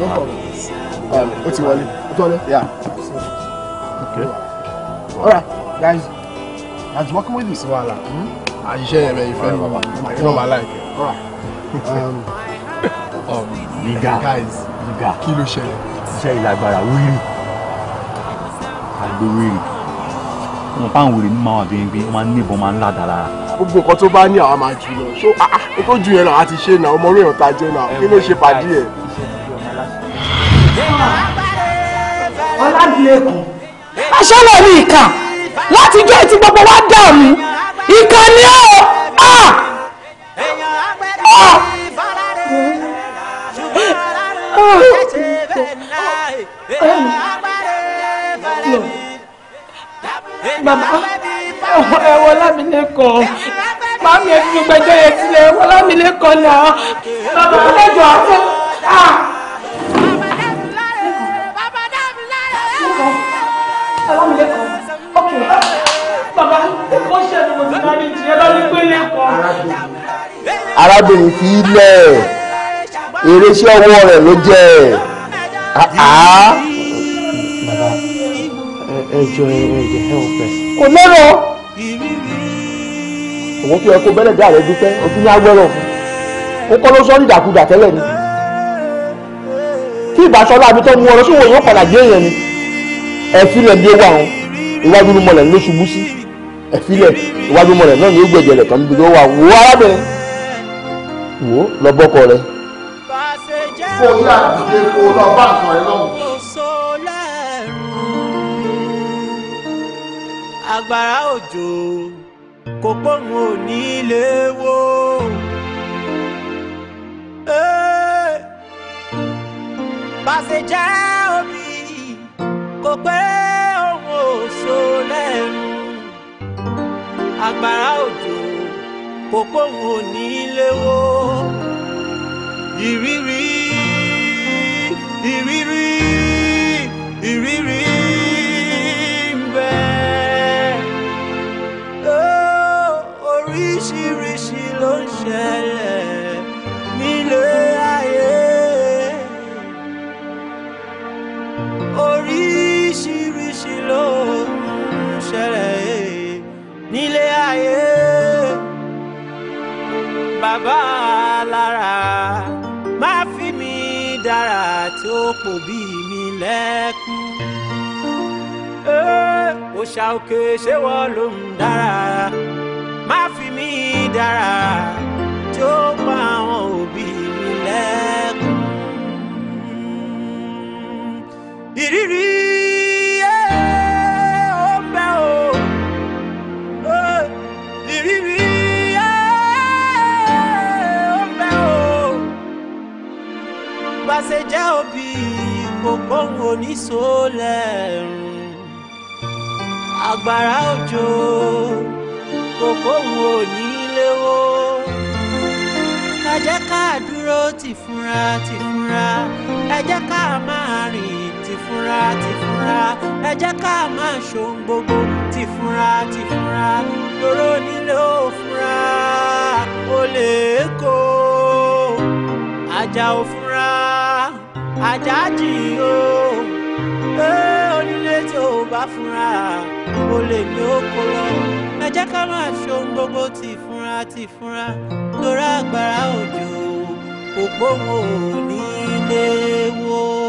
no problem um, ó ti wọlé ó tọ́lé yeah. okay. all right guys as working with this wahala. I share um, my friend. bàbá you know my life. all right. um, um, liga guys Kilo share. Share like iṣẹ́ ìlàgbára wíìrì àgbo wíìrì wọn bá ń wèrè mímọ àwọn àdúyìn gbé wọn ní ìbọn máa ń ládàá lára. gbogbo nǹkan tó bá ní àwa máa jù lọ ṣó tó jù yẹn náà a ti ṣe náà ọmọ orí ìrántá jẹ náà kí ló ṣe pàdé ẹ. nílé kan aṣọ́lẹ̀ ní ìkà láti jẹ́ ti gbogbo wa dààmú ìkà ni ó à à. Bàbá ẹ wọ lámìlẹ́kọ̀ọ́ màmí ẹ fi gbẹjọ́ yẹn sílẹ̀ ẹ wọ lámìlẹ́kọ̀ọ́ náà bàbá ẹ jọ àfẹ́ à. Ọlámilékan ok bàbá ó ṣe ni mo ti máa rí jìyẹn lọ́dún pé lẹ́kọ̀ọ́. arábìnrin fi ilẹ̀ eré iṣẹ́ ọwọ́ rẹ̀ ló jẹ́ ẹ̀ help us. kò lọ́rọ̀ òun fi ẹkọ bẹ́lẹ̀dá rẹ dúpẹ́ òfin yá gbọ́rọ̀ fún O kọ́ ló sọ ní ìdàkudà tẹ́lẹ̀ ni kí ìbáṣọ́lá mi tó mú ọ lọ sí òun yóò padà jẹ́ èèyàn ni ẹ̀fílẹ̀ bí ó wà wọn iwájú ló mọlẹ̀ ló ṣubú sí ẹ̀fílẹ̀ iwájú mọlẹ̀ náà ni ó gbẹ̀jẹ̀ rẹ̀ tán níbi tó wà wò arábìnrin wò lọ bọ́kọ rẹ̀. kó o yá dìde kó o lọ bá nǹkan rẹ lọ́wọ́. agbára òjò kò pọ́nù òní ilé wo. bá ṣe jẹ́ agbára òjò kò kóhun ò ní léwó ìrírí ìrírí ìrírí ń bẹ oríṣiríṣi ló ń ṣẹlẹ̀. pò bí mi lẹ́kún. òòṣà òkè ṣé wọ́n ló ń dára má fi mí dára tí ó pa àwọn òbí mi lẹ́kún. ìrírí ó ń bẹ o ìrírí. bá ṣe kò gbóhùn oníṣó lẹ́rùn agbára òjò kò gbóhùn oníléwó ẹ jẹ́ ká dúró tìfúnra tìfúnra ẹ jẹ́ ká máa rìn tìfúnra tìfúnra ẹ jẹ́ ká máa ṣohun gbogbo tìfúnra tìfúnra lóró nílé òfúnra olè kó ajá òfúnra àjájì o onílé tí ò bá fúnra o lè ní oko lọ ẹ jẹ́ ká máa ṣe ohun gbogbo ti fúnra ti fúnra lórí agbára òjò òpó wọn ò ní